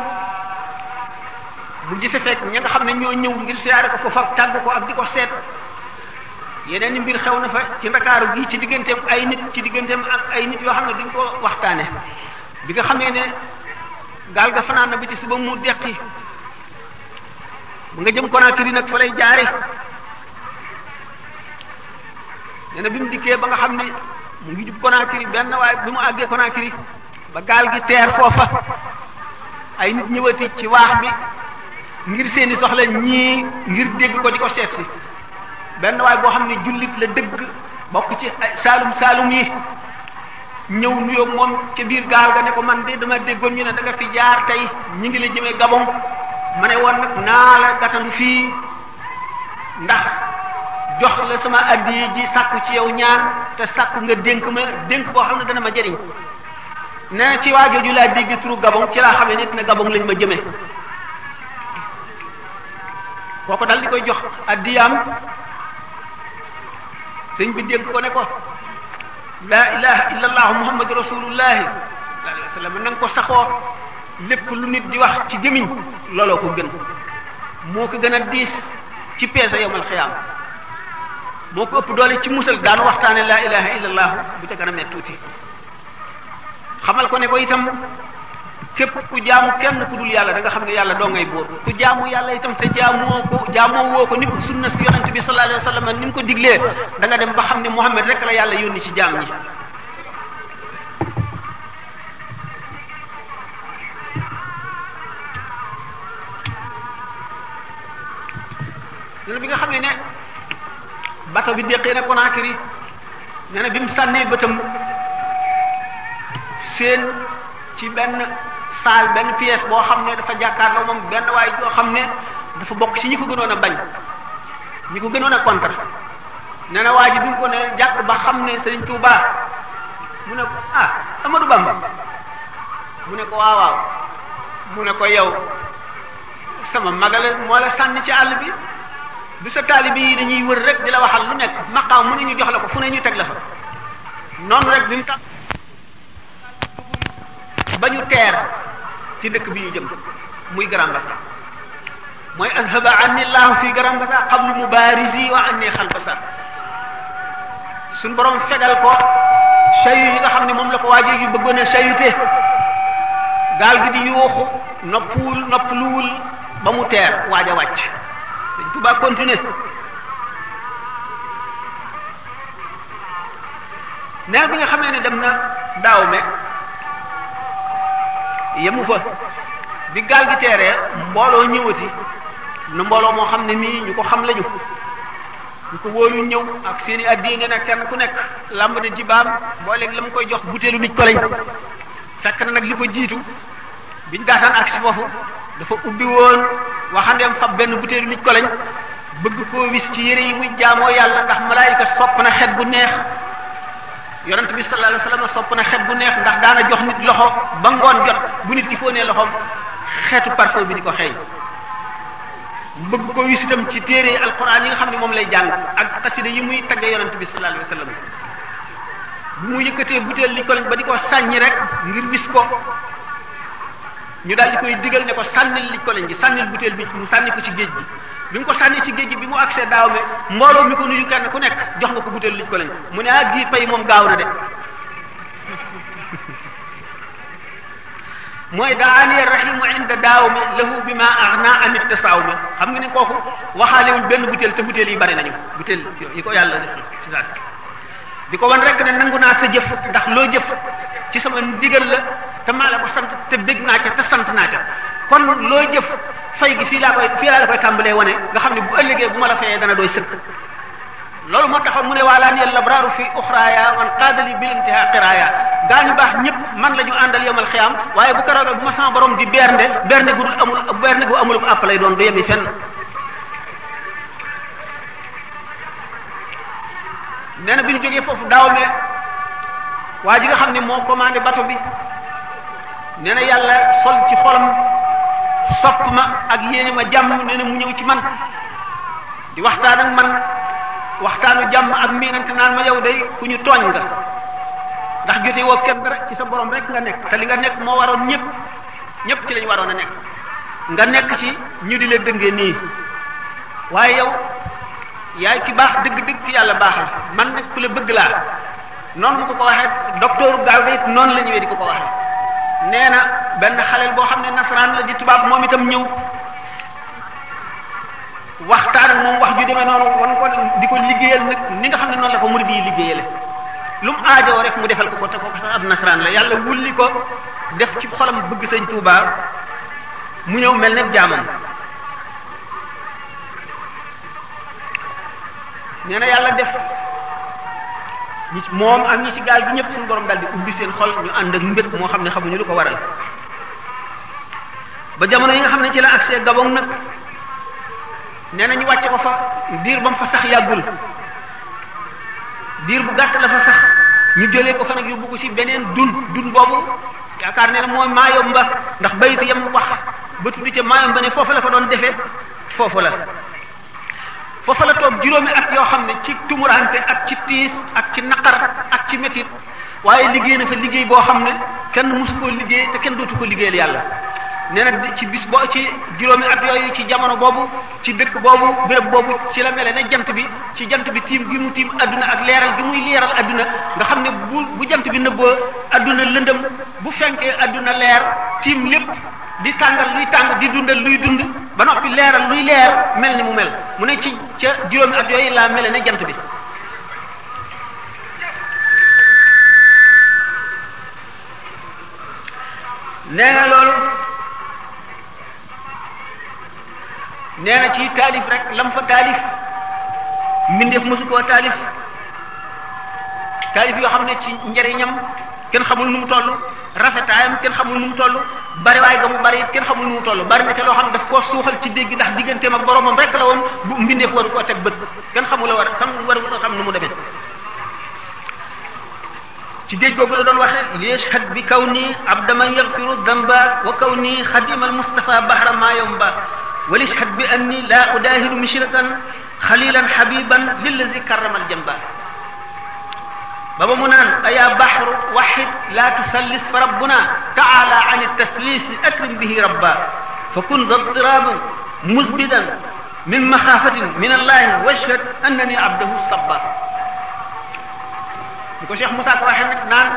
[SPEAKER 1] mu gise fekk ña nga xam ne ñoo ñëw ngir siyaare ko fa tàgg ko ak di ko seet yeneen i mbir xew na fa ci ndakaaru gi ci digganteem ay nit ci digganteem ak ay nit yoo xam ne dañ ko waxtaane bi nga xamee ne gaal ga fanaan na ba ci suba mu deqi mu nga jëm Conakry nag fa lay na bi mu dikkee ba nga xam ne mu ngi jub Conakry benn waaye bi mu àggee Conakry ba gaal gi teer foofa ay nit ñëwati ci waax bi ngir seeni soxla ñii ngir dégg ko di ko seet si benn waay boo xam ne jullit la dëgg bokk ci ay saalum saalum yi ñëw nuyoo moom ca biir gaal ga ne ko man de dama déggoon ñu ne danga nga fi jaar tey ñu ngi la jëmee Gabon ma ne woon nag naa la gàttandu fii ndax jox la sama addi ji sàkku ci yow ñaan te sàkku nga dénk ma dénk boo xam ne dana ma jëriñ nee na ci waa jooju laa dégg turu gabon ci laa xamee nit ne gabon lañ ma jëmee kooku dal di koy jox addiyaam sëñ bi dégg ko ne ko laa ilaha illa allah muhammadu rasulullahi sallallahu alayhi wa sallam na ko saxoo lépp lu nit di wax ci gémiñ looloo ko gën moo ko gën a diis ci peese yowmal xiyaam moo ko ëpp doole ci musal daan waxtaane laa ilaha illa allah bu ca gën a tuuti xamal ko ne ko itam képp ku jaamu kenn ku dul yàlla danga xam ne yàlla doo ngay buur ku jaamu yàlla itam te jaamoo ko jaamoo woo ko ni ko sunna si yonent bi mu ko diglee da nga dem ba xam ne Muhammad rek la yàlla na bi nga ne bato bi déqee na Conakry nee na bi mu sànnee bëtam seen ci benn saal benn pièce boo xam ne dafa jàkkaarloo moom benn waaye joo xam ne dafa bokk ci ñi ko gënoon a bañ ñi ko gënoon a contre nee na waa ji bi ko ne jàkk ba xam ne Serigne Touba mu ne ko ah Amadou Bamba mu ne ko waaw mu ne ko yow sama magale moo la sànni ci àll bi bi sa taalibe yi dañuy wër rek di la waxal lu nekk maqaaw mu ne ñu jox la ko fu ne ñu teg la fa noonu rek bi mu ba ñu teer ci dëkk bi ñu jëm muy Grand Bassam mooy azhaba anni llahu fi Grand Bassam qablu mubarisi wa anni xalbasa suñ borom fegal ko chayu yi nga xam ne moom la ko waajee yu bëggoon a chayute gaal gi di yuuxu noppuwul noppaluwul ba mu teer waaj a wàcc dañ bi nga xamee ne dem na daaw yemu fa bi gaal gi teeree mbooloo ñëwati nu mbooloo moo xam ne mii ñu ko xam lañu ñu ko wóolu ñëw ak seen i addiya nga ne kenn ku nekk lamb na jibaam booleeg la mu koy jox butéelu nit ko lañ fekk na nag li ko jiitu biñ daataan ak si foofu dafa ubbi woon waxandeem fab benn butéelu nit ko lañ bëgg koo wis ci yére yi muy jaamoo yàlla ndax malaayika sopp na xet bu neex yonent bi sallallahu alayhi wasallam sopp na xet bu neex ndax daana jox nit loxo ba ngoon jot bu nit ki fóonee loxoom xeetu parfum bi di ko xeeñ bëgg ko wis itam ci téere alquran yi nga xam ne moom lay jàng ak xasida yi muy tagge yonent bi sallallahu alayhi wasallam bu mu yëkkatee butéel li ko ba di ko sàññi rek ngir wis ko ñu daal di koy digal ne ko sànnil li ko lañ gi sànnil butéel bi mu sànni ko ci géej gi bi nga ko sànni ci géej bi mu agsee daaw me mbooloo mi ko nuyu ku nekk jox nga ko butéel liñ ko lañ mu ne ah gii pay moom gaaw na de mooy daani rahimu inda daaw me lahu bi ma axna amit tasaaw me xam nga ne kooku waxaalewul benn butéel te butéel yi bari nañu butéel yi ko yàlla def di ko wan rek ne nangu naa sa jëf ndax loo jëf ci sama ndigal la te maa la ko sant te bég naa ca te sant naa ca kon loo jëf fay gi fii laa koy fii laa la koy tàmbalee wane nga xam ne bu ëllëgee bu ma la fayee dana doy sëkk loolu moo taxoon mu ne waalaan yel labraaru fi uxraaya wan qaadali bil intiha qiraaya gaa ñu baax ñëpp man la ñu àndal yomal xiyaam waaye bu keroog bu ma sama borom di bernde bernde gu dul amul bernde gu amul bu lay doon du yemi fenn nee bi ñu jógee foofu daaw ne waa ji nga xam ne moo commandé bato bi nee yàlla sol ci xolam sopp ma ak yéene ma jàmm nee mu ñëw ci man di waxtaan ak man waxtaanu jàmm ak miinante naan ma yow day ku ñu tooñ nga ndax jote woo kenn dara ci sa borom rek nga nekk te li nga nekk moo waroon ñëpp ñëpp ci lañ waroon a nekk nga nekk ci ñu di la dëngee nii waaye yow yaay ki baax dëgg-dëgg ki yàlla baaxal man nag ku la bëgg laa noonu mu ko ko waxee docteur gaaw ga noonu la ñëwee di ko ko waxee nee na benn xaleel boo xam ne nasaraan la di tubaab moom itam ñëw waxtaan ak moom wax ju demee noonu wan ko di ko liggéeyal nag ni nga xam ne noonu la ko murid bii liggéeyale lu mu aajoo rek mu defal ko ko te ko sax ab nasaraan la yàlla wulli ko def ci xolam bëgg sëñ Tuubaa mu ñëw mel ne jaamam nee na yàlla def ñi moom ak ñi ci gaal bi ñëpp suñu borom daal di ubbi seen xol ñu ànd ak mbég moo xam ne xamuñu lu ko waral ba jamono yi nga xam ne ci la accès Gabon nag nee na ñu wàcce ko fa diir ba mu fa sax yàggul diir bu gàtt la fa sax ñu jëlee ko fa nag yóbbu ko ci beneen dun dun boobu yaakaar ne la mooy maayom ba ndax bayit yam wax bët tudd ca maayom ba ne foofu la ko doon defee foofu la ba la toog juróomi at yoo xam ne ci tumurante ak ci tiis ak ci naqar ak ci métit waaye liggéey na fa liggéey boo xam ne kenn mësu koo liggéey te kenn dootu ko liggéeyal yàlla nee na ci bis boo ci juróomi at yooyu ci jamono boobu ci dëkk boobu béréb boobu ci la mele ne jant bi ci jant bi tiim gi mu tiim adduna ak leeral gi muy leeral adduna nga xam ne bu jant bi nëbboo adduna lëndëm bu fenkee adduna leer tiim lépp di tàngal luy tàng di dundal luy dund ba noppi leeral luy leer mel ni mu mel mu ne ci ca juróomi at yooyu laa mele ne jant bi nee na loolu nee na ci taalif rek lam fa taalif mbindeef mosu koo taalif taalif yoo xam ne ci njariñam kenn xamul nu mu toll rafetaayam kenn xamul nu mu toll bariwaay ga mu bari it kenn xamul nu mu toll bari na ca loo xam ne daf koo suuxal ci dégg ndax digganteem ak boromam rek la woon bu mbindeef waru koo teg bët kenn xamula war xam waru ko xam nu mu demee ci géej googu la doon waxee liyashhad bi kaw nii abdaman yaghfiru dhanba wa kaw nii xadimal mustafa bahra ma yomba walishhad bi anni la udaahiru mushrikan xalilan habiban lillazi karramal jamba ba ba mu naan aya baxru waxid laa tusallis fa rabbuna taala an taslis li akrim bihi rabba fa kun dadirabin musbidan min maxaafatin min allahi washhad annani abdahu sabba li ko Cheikh Moussa Ka waxee nag naan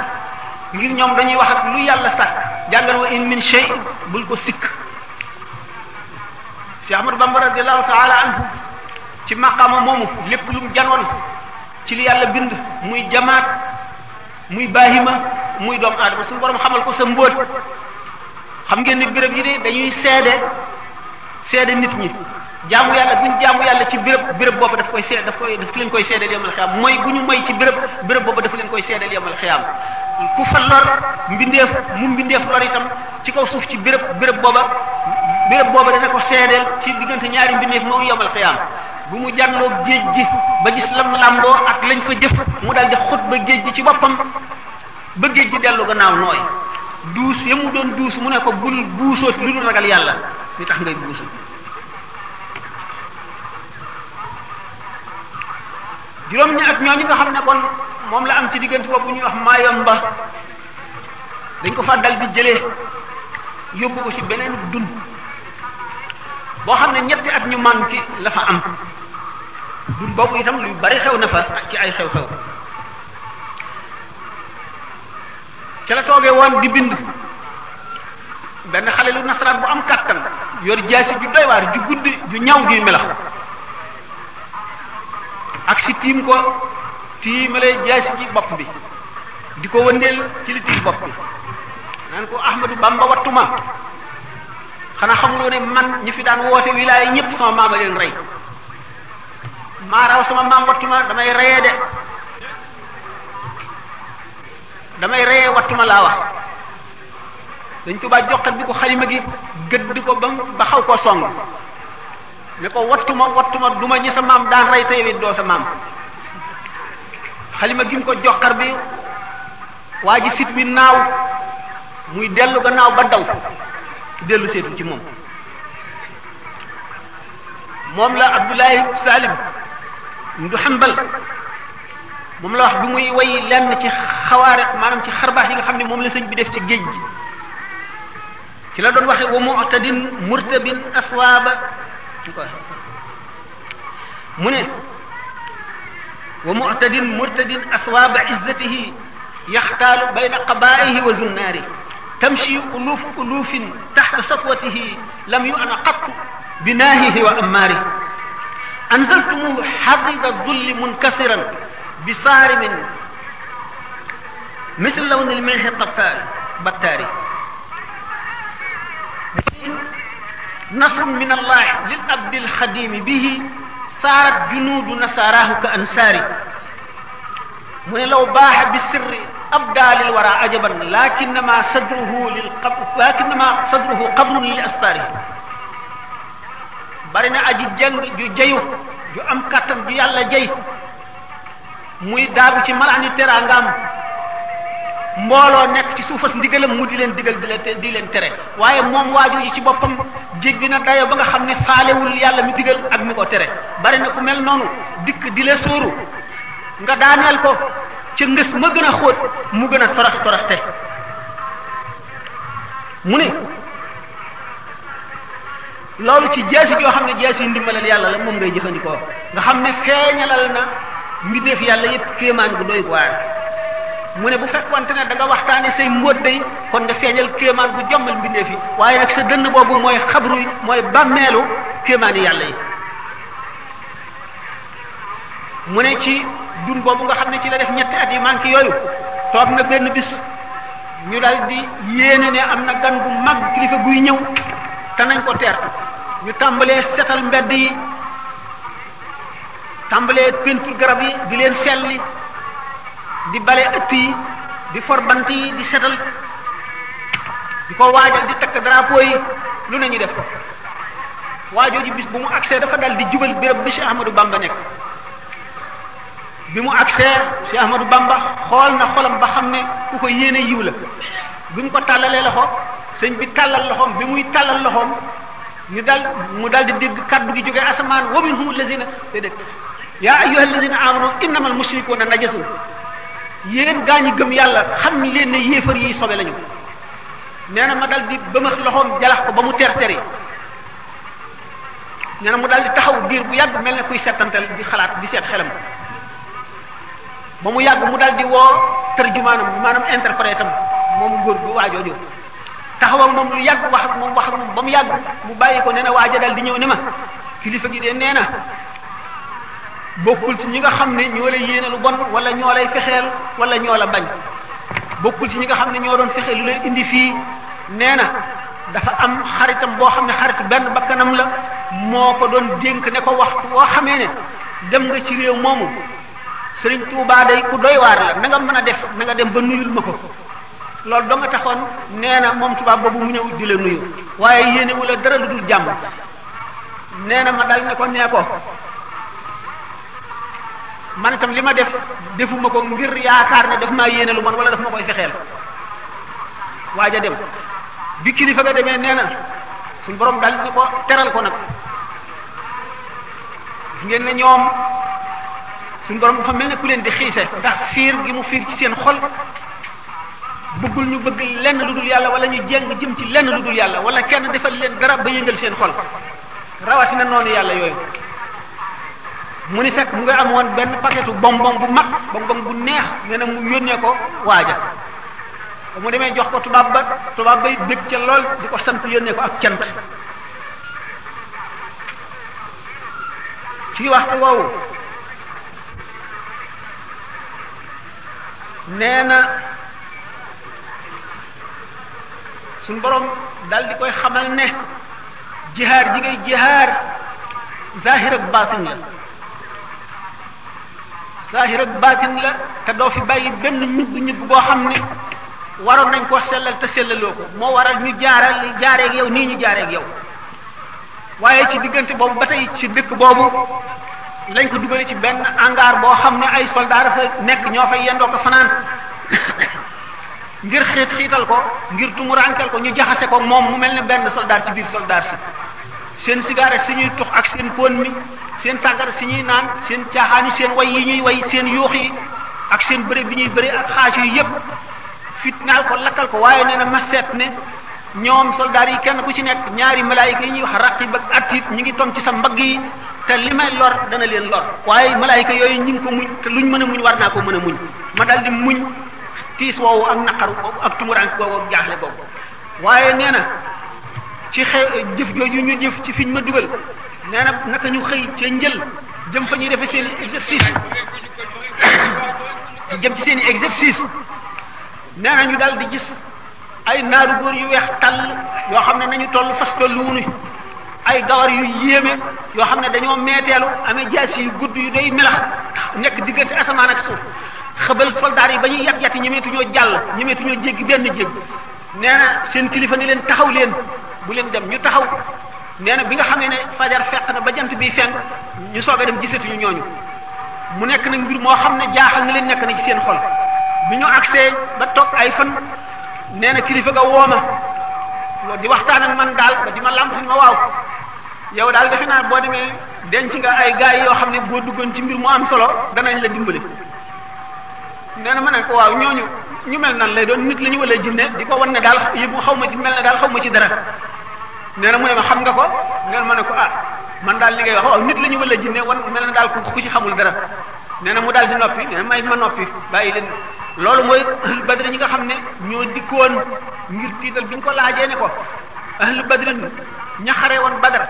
[SPEAKER 1] ngir ñoom dañuy wax ak lu yàlla sàkk jàngal wa in min shay bul ko sikk Cheikh Ahmadou Bamba radiallahu taala anhu ci maqaama moomu lépp lu mu janoon ci li yàlla bind muy jamaat muy baahima muy doomu aadama suñu borom xamal ko sa mbóot xam ngeen ni béréb yi de dañuy seede seede nit ñi jaamu yàlla guñ jaamu yàlla ci béréb bërëb boobu daf koy seede daf koy daf leen koy seedeel yomal xiyaam mooy gu ñu moy ci béréb béréb boobu daf leen koy seedeel yomal xiyaam ku fa lor mbindeef mu mbindeef lor itam ci kaw suuf ci béréb bërëb booba béréb booba dana ko seedeel ci diggante ñaari mbindeef moom yomal xiyaam bu mu jànnoog géej gi ba gis lam làmboo ak lañ fa jëf mu dal di xut ba géej gi ci boppam ba géej gi dellu gannaaw nooy duus ya mu doon duus mu ne ko bul buusooti lu dul ragal yàlla li tax ngay buusu juróom ñi ak ñooñu nga xam ne kon moom la am ci diggante boobu ñuy wax maayamba dañ ko fa dal di jëlee yóbbu ko ci beneen dund boo xam ne ñetti at ñu manqué la fa am dul boobu itam lu bari xew na fa ci ay xew-xew ca la toogee woon di bind benn xale lu nasaraan bu am kàttan yor jaasi ju doy waar ju gudd ju ñaw gi melax ak si tiim ko tiimale jaasi ji bopp bi di ko wëndeel ci li tiim bopp bi naan ko Ahmadu Bamba wattuma xanaa xamuloo ne man ñi fi daan woote wilaaya ñëpp sama maama leen rey maa sama maam wattuma damay reyee de damay reyee wattuma laa wax dañ tubaa joxat bi ko xalima gi gëdd ko ba xaw koo song ne ko wattuma wattuma duma ñi sa maam daan rey tey doo sa maam xalima gi mu ko joxar bi waa ji fit wi naaw muy dellu naaw ba daw dellu seetu ci moom moom la Abdullahi Salim du Hanbal moom la wax bi muy way lenn ci xawaare maanaam ci xarbaax yi nga xam ne moom la sëñ bi def ci géej gi ci la doon waxe wa mu'tadin murtabin aswaaba mu ne wa mu'tadin murtadin aswaaba izzatihi yaxtaalu bayna qabaa'ihi wa zunnaarihi tamshi uluuf uluufin taxta satwatihi lam yu'na qattu binaahihi wa ammaari anzaltumuhu xadida zulli munkasiran bi saarimin misl lawni lmilhi battaari battaari nasrun min allah lil abdi alxadimi bihi saarat junuudu nasaaraahu ka ansaari mu ne law baaxa bi sirri abdaalil wara ajaban lakinnama sadruhu lil qab lakinnama sadruhu qabrun lil astaari bari na aji jàng ju jeyu ju am kàttan ju yàlla jey muy daagu ci malaani teraangaam mbooloo nekk ci suufas ndigalam mu di leen digal di leen di leen tere waaye moom waajur yi ci boppam jéggi na dayoo ba nga xam ne faalewul yàlla mi digal ak mi ko tere bari na ku mel noonu dikk di la sóoru nga daaneel ko ca ngës ma gën a xóot mu gën a torox toroxte mu ne loolu ci jeesi yoo xam ne jeesi ndimbalal yàlla la moom ngay jëfandikoo nga xam ne feeñalal na mbindeef yàlla yépp kéemaan gu doy waar mu ne bu fekkonte ne da nga waxtaane say mbóot day kon nga feeñal kéemaan gu jommal mbindeef yi waaye nag sa dënn boobu mooy xabru mooy bàmmeelu kéemaani yàlla yi mu ne ci dun boobu nga xam ne ci la def ñetti at yi manqué yooyu toog na benn bis ñu dal di yéene ne am na gan bu mag kilifa guy ñëw te nañ ko teer ñu tàmbalee setal mbedd yi tàmbalee peinture garab yi di leen felli di bale ëtt yi di for bant yi di setal di ko waajal di takk drapeau yi lu ne ñu def ko waajoo ji bis bu mu agsee dafa dal di jubal béréb bi Cheikh Ahmadou Bamba nekk bi mu agsee Cheikh Ahmadou Bamba xool na xolam ba xam ne ku ko yéene yiw la bi mu ko tàllalee loxo sëñ bi tàllal loxoom bi muy tàllal loxoom ñu dal mu dal di dégg kàddu gi jógee asamaan wa minhum allazina déedéet yaa ayyuha allazina amanu innamal mushrikuuna najasun yéen gaa ñi gëm yàlla xam leen ne yéefar yiy sobe lañu nee na ma dal di bëmax loxoom jalax ko ba mu ter teri nee mu dal di taxaw diir bu yàgg mel ne kuy setantal di xalaat di seet xelam ba mu yàgg mu dal di woo tërjumaanam maanaam interprète am moom góor bu waajooju taxaw ak moom lu yàgg wax ak moom wax ba mu yàgg mu bàyyi ko nee na waaja dal di ñëw ne ma kilifa gi de nee na bokkul ci ñi nga xam ne ñoo lay yéene lu bon wala ñoo lay fexeel wala ñoo la bañ bokkul ci ñi nga xam ne ñoo doon fexe lu lay indi fii nee na dafa am xaritam boo xam ne xaritu benn bakkanam la moo ko doon dénk ne ko waxtu woo xamee ne dem nga ci réew moomu sëriñ Touba day ku doy waar la na mën a def na nga dem ba nuyul ma ko loolu da nga taxoon nee na moom tubaab boobu mu ñëw di la nuyu waaye yéene wala dara lu dul jàmm nee na ma dal ne ko nee ko man itam li ma def defuma ko ngir yaakaar ne daf maa yéene lu man wala def ma koy fexeel waaja dem bi kilifa ga demee nee na suñ borom dal ne ko teral ko nag gis ngeen ne ñoom suñu borom dafa mel ne ku leen di xiise ndax fiir gi mu fiir ci seen xol bëggul ñu bëgg lenn lu dul yàlla wala ñu jéng jëm ci lenn lu dul yàlla wala kenn defal leen dara ba yëngal seen xol rawatina noonu yàlla yooyu mu ni fekk mu nga am woon benn paquetu bonbon bu mag bonbon bu neex nee na mu yónnee ko waaja mu demee jox ko tubaab ba tubaab bay bég ca lool di ko sant yónnee ko ak cant ci waxtu woowu nee na suñ borom dal koy xamal ne jihaar ji ngay jihaar zahir ak baatin la zahir ak baatin la te doo fi bàyyi benn ñugg ñugg boo xam ne waroon nañ koo sellal te sellaloo ko moo waral ñu jaaral jaareeg yow nii ñu jaareeg yow waaye ci diggante boobu ba tey ci dëkk boobu lañ ko dugale ci benn hangar boo xam ne ay soldat dafa nekk ñoo fa yendoo ko fanaan ngir xiit xiital ko ngir tumuraankal ko ñu jaxase ko moom mu mel ne benn soldat ci biir soldat si seen cigarette si ñuy tux ak seen pon mi seen sàngara si ñuy naan seen caaxaan yi seen way yi ñuy woy seen yuux yi ak seen bëre bi ñuy bëre ak xaaju yi yépp fitnaal ko lakkal ko waaye nee na ma seet ne ñoom soldaar yi kenn ku ci nekk ñaari malaayika yi ñuy wax raqib ak atit ñu ngi tom ci sa mbagg yi te li may lor dana leen lor waaye malaayika yooyu ñu ngi ko muñ te luñ mën a muñ war naa ko mën a muñ ma dal di muñ tiis woowu ak naqaru ak tumuraank googu ak jaaxle googu waaye nee na ci xew jëf jooju ñu jëf ci fiñ ma dugal nee na naka ñu xëy ca njël jëm fa ñuy defee seen i exercice jëm ci seen exercice nee na ñu daal di gis ay naaru góor yu weex tàll yoo xam ne nañu toll fas tolluwuñu ay gawar yu yéeme yoo xam ne dañoo meeteelu amee jaas yu gudd yu day melax nekk diggante asamaan ak suuf xëbal soldaar yi ba ñuy yat yati ñemeetuñoo jàll ñemeetuñoo jéggi benn jéggi nee na seen kilifa ni leen taxaw leen bu leen dem ñu taxaw nee na bi nga xamee ne fajar fekk na ba jant bii fenk ñu soog a dem gisatuñu ñooñu mu nekk nag mbir moo xam ne jaaxal na leen nekk na ci seen xol bi ñu agsee ba toog ay fan nee na kilifa ga wooma di waxtaan ak man daal ba ma waaw yow daal defe naa boo demee denc nga ay gars yoo xam ne boo duggoon ci mbir mu am solo danañ la dimbali nee na ma ne ko waaw ñooñu ñu mel nan lay doon nit la ñu wala jinne di ko wan ne daal yëgu xaw ma ci mel ne daal xaw ma ci dara nee na mu ne xam nga ko nee ma ne ko ah man daal li ngay wax waaw nit la ñu wala jinne wan mel ne daal ku ku ci xamul dara nee na mu daal di noppi nee na may ma noppi bàyyi leen loolu mooy ahlu badri ñi nga xam ne ñoo dikkoon ngir tiital bi ñu ko laajee ne ko ahlu badri ñaxare woon badar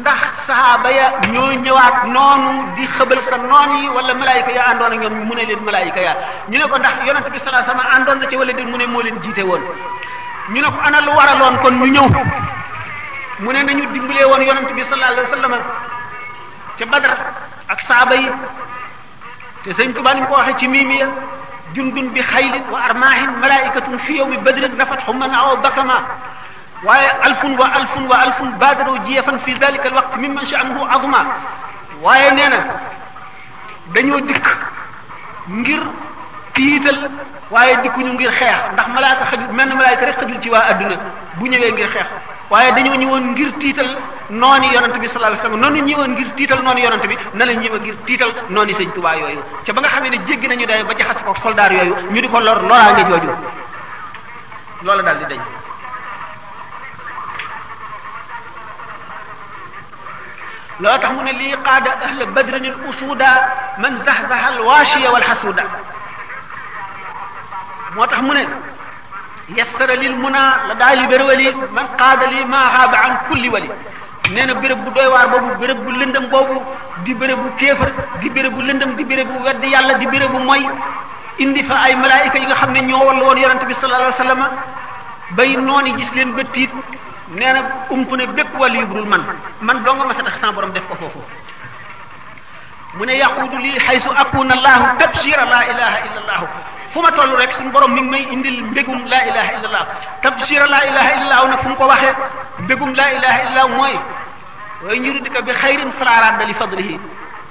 [SPEAKER 1] ndax sahaaba ya ñoo ñëwaat noonu di xëbal sa noon yi wala malaayika yaa àndoon ak mu ne leen malaayika yaa ñu ne ko ndax yonent bi sallallahu alayhi wasallam àndoon ci wala di mu ne moo leen jiite ñu ne ko ana lu waraloon kon ñu ñëw mu ne nañu dimbalee woon yonent bi sallallahu alayhi wasallam ca badar ak saaba yi te sëñ Tuubaa ni mu ko waxee ci miimiya jundun bi xaylin wa armaahin malaayikatun fi yawmi badrin nafathu man aw bakama waaye alfun wa alfun wa alfun baadaro jiyefan fi dalika al waqt mimman sha'nuhu azma waaye nee na dañoo dikk ngir tiital waaye ñu ngir xeex ndax malaaka xaju menn malaaka rek xajul ci waa adduna bu ñëwee ngir xeex waaye dañoo ñëwoon ngir tiital noonu yonent bi sallallahu alayhi wasallam noonu ñëwoon ngir tiital noonu yonent bi na la ñëw ngir tiital noonu sëñ Tuubaa yooyu ca ba nga xamee ne jéggi nañu day ba ci xas ko soldaar yooyu ñu di ko lor loraa nga jooju loola daal di dañ loo tax mu ne lii qaada ahla badrinil usuda man zahzaha al waashiya wal xasuuda moo tax mu ne yassara lil muna la daali bérwali man qaada li ma haaba an kulli wali nee na béréb bu doy waar boobu béréb bu lëndëm boobu di béréb bu kéefër di béréb bu lëndëm di béréb bu wedd yàlla di béréb bu moy indi fa ay malaayika yi nga xam ne ñoo wallu woon yonente bi sallallahu alayhi wa sallam bay nooni gis leen ba tiit mu na ump ne bépp wàllu yu budul man man doo nga ma sa def ko foofu mu ne yaquudu lii xaysu akuna allahu tabshira laa ilaha illa allahu fu ma toll rek suñu borom mi ngi may indil mbégum la ilaha illa allah tabshira laa ilaha illa allahu nag fu mu ko waxee mbégum laa ilaha illa allahu mooy way njuridika bi xayrin falaa radda li fadlihi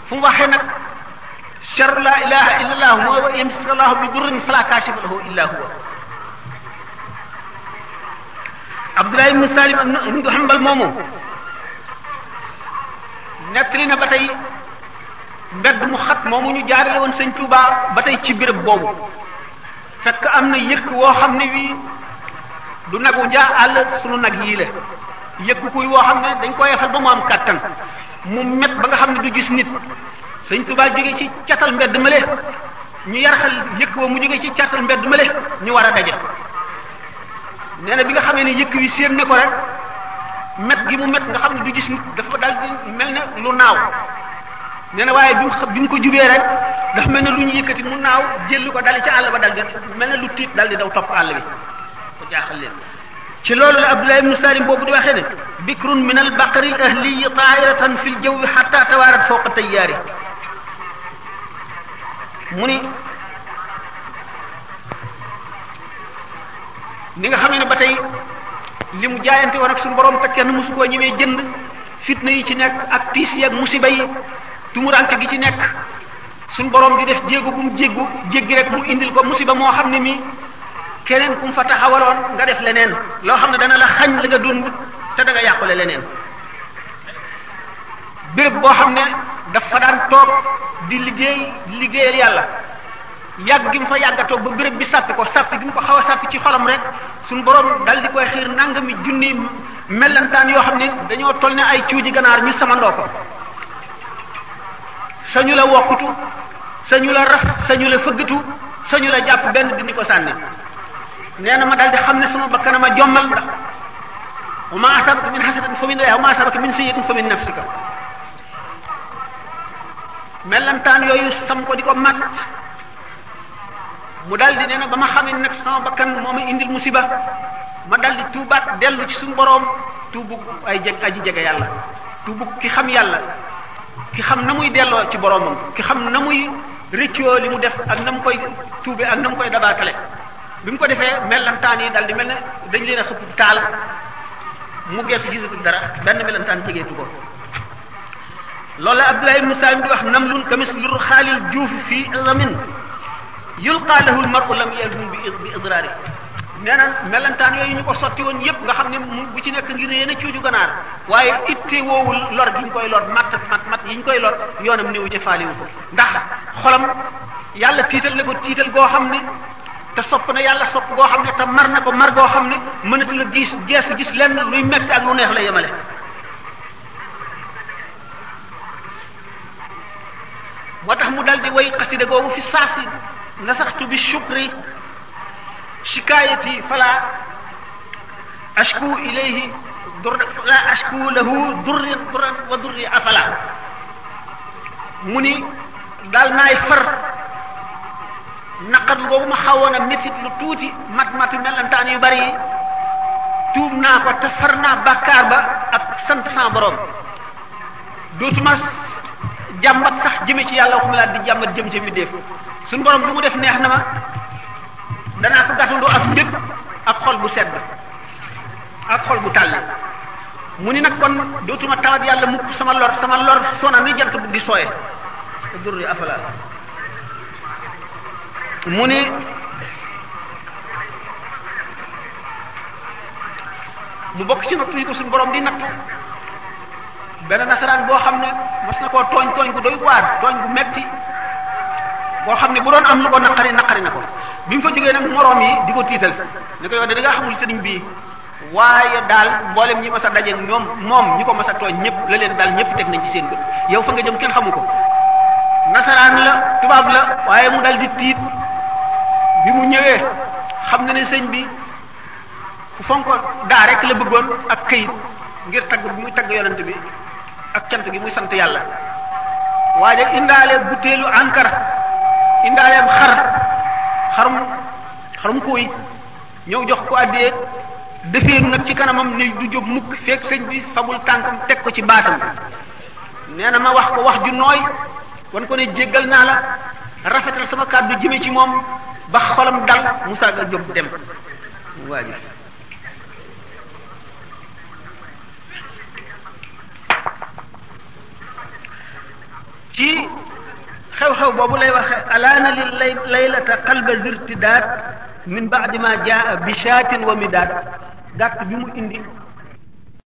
[SPEAKER 1] fu mu waxee nag char laa ilaha illa allahu mooy wa yamsisallahu bi durrin falaa kaashifa lahu illa huwa Abdullah ibn Salim ak ibn Hanbal moomu nettali na ba tey mbedd mu xat moomu ñu jaarale woon sëñ Touba ba tey ci béréb boobu fekk am na yëkk woo xam ne wii du nagu njaa àll sunu nag yii la yëkk kuy woo xam ne dañ ko yefal ba mu am kàttan mu met ba nga xam ne du gis nit sëñ Touba jóge ci catal mbedd male ñu yarxal yëkk wa mu jóge ci catal mbedd male ñu war a daje nee na bi nga xamee ne yëkk wi séen ne ko rek met gi mu met nga xam ne du gis nit dafa daal di mel ne lu naaw nee na waaye bi mu ko jubee rek dafa mel ne lu ñu yëkkati mu naaw jël ko dal ci àll ba dal di mel ne lu tiit dal di daw topp àll bi ko jaaxal ci lool la Abdullah ibnu Salim boobu di waxee ne bikrun min al baqari al ahliyi fi l jawwi xatta tawaarat fawqa tayyaari mu ni nga xamee ne ba tey li mu jaayante woon nag suñu borom te kenn mosu koo ñëwee jënd fitna yi ci nekk ak tiis yi ak musiba yi tumuranke gi ci nekk suñu borom di def jéego bu mu jéggu jéggi rek mu indil ko musiba moo xam ne mi keneen ku mu fa taxawaloon nga def leneen loo xam ne dana la xañ la nga doon wut te da yàqule leneen béréb boo xam ne dafa daan toog di liggéey di liggéeyal yàlla yàgg gi mu fa yàgga ba béréb bi sàppi ko sàppi gi mu ko xaw a sàppi ci xolam rek suñu borom dal di koy xiir nangami junni mellantaan yoo xam ne dañoo toll ne ay cuuji ganaar ñu samandoo ko sañu la wokkutu sañu la raf sañu la fëggatu sañu la jàpp benn dindi ko sànni nee na ma dal di xam ne sama bakkana ma jommal ndax wa ma asabaka min hasanatin fa min wa ma asabaka min sayyi'atin fa min nafsika mellantaan yooyu sam ko di ko mat mu daal di nee na ba ma xamee nag sama bakkan moo ma indil musiba ma daal di tuubaat dellu ci suñu boroom tuubu ay jeg aji jege yàlla tuubu ki xam yàlla ki xam na muy delloo ci boroomam ki xam na muy rëccoo li mu def ak na mu koy tuube ak na mu koy dabaatale bi mu ko defee melantaan yi daal di mel ne dañ leen a xëpp taal mu geesu gisatul dara benn melantaan jegeetu ko loolu la Abdullah ibn Salim di wax namlun kamis lur xaalil juuf fii zamin yulqaa lahu lmaru lam yalhum bi idraari nee na melentaan yooyu ñu ko sotti woon yëpp nga xam ne mu bu ci nekk ngir yéen a cuuju ganaar waaye itte woowul lor gi ñu koy lor mat mat mat yi ñu koy lor yoonam néewu ci faaliwu ko ndax xolam yàlla tiital na ko tiital goo xam ne te sopp na yàlla sopp goo xam ne te mar na ko mar goo xam ne mënatu la gis geesu gis lenn luy metti ak lu neex la yemale moo tax mu dal di way xasida googu fi saasi nasaxtu bi shukri shikayati fala ashku ilayhi dur fala ashku lahu durri duran wa durri afala mu ni daal naay far naqar googu ma xawoon a métit lu tuuti mat-matu melantaan yu bari yi tuub naa ko te far naa bàkkaar ba ak sant sa borom dootuma jàmbat sax jëme ci yàlla waxuma laa di jàmbat jëm ci mbindeef suñu borom lu mu def neex na ma danaa ko gàttandoo ak njëg ak xol bu sedd ak xol bu tàll mu ni nag kon dootuma tawat yàlla mukk sama lor sama lor sona ni jant bu di sooye durri mu ni mu bokk ci nattu yi ko suñu borom di natt benn nasaraan boo xam ne mas na koo tooñ tooñ gu doy waar tooñ bu metti boo xam ne bu doon am na ko naqari naqari na ko bi mu fa jógee nag moroom yi di ko tiital ne ko yow de da ngaa xamul sëriñ bii waaye daal mboolem ñi mas a daje moom ñi ko mas a tooñ ñëpp la leen ñëpp teg nañ ci seen bët yow fa nga jëm kenn xamu ko nasaraan la tubaab la waaye mu dal di tiit bi mu ñëwee xam na ne sëñ bi fu fonko daa rek la bëggoon ak këyit ngir tagg bu muy tagg yonent bi ak cant gi muy sant yàlla waaye indaale butéelu ankar indaaleem xar xarum xarum kooy ñëw jox ko addee defeenu nag ci kanamam ne du jóg mukk fekk sëñ bi fabul tànkam teg ko ci baatam nee na ma wax ko wax ju nooy wan ko ne jéggal naa la rafetal sama kàddu jëme ci moom ba xolam dal Musaa ga jóg dem waa ji ci xew-xew boobu lay waxe alaana lil laylata qalba zirtidaat min baadi ma jaa bi shaatin wa midaat gàtt bi mu indi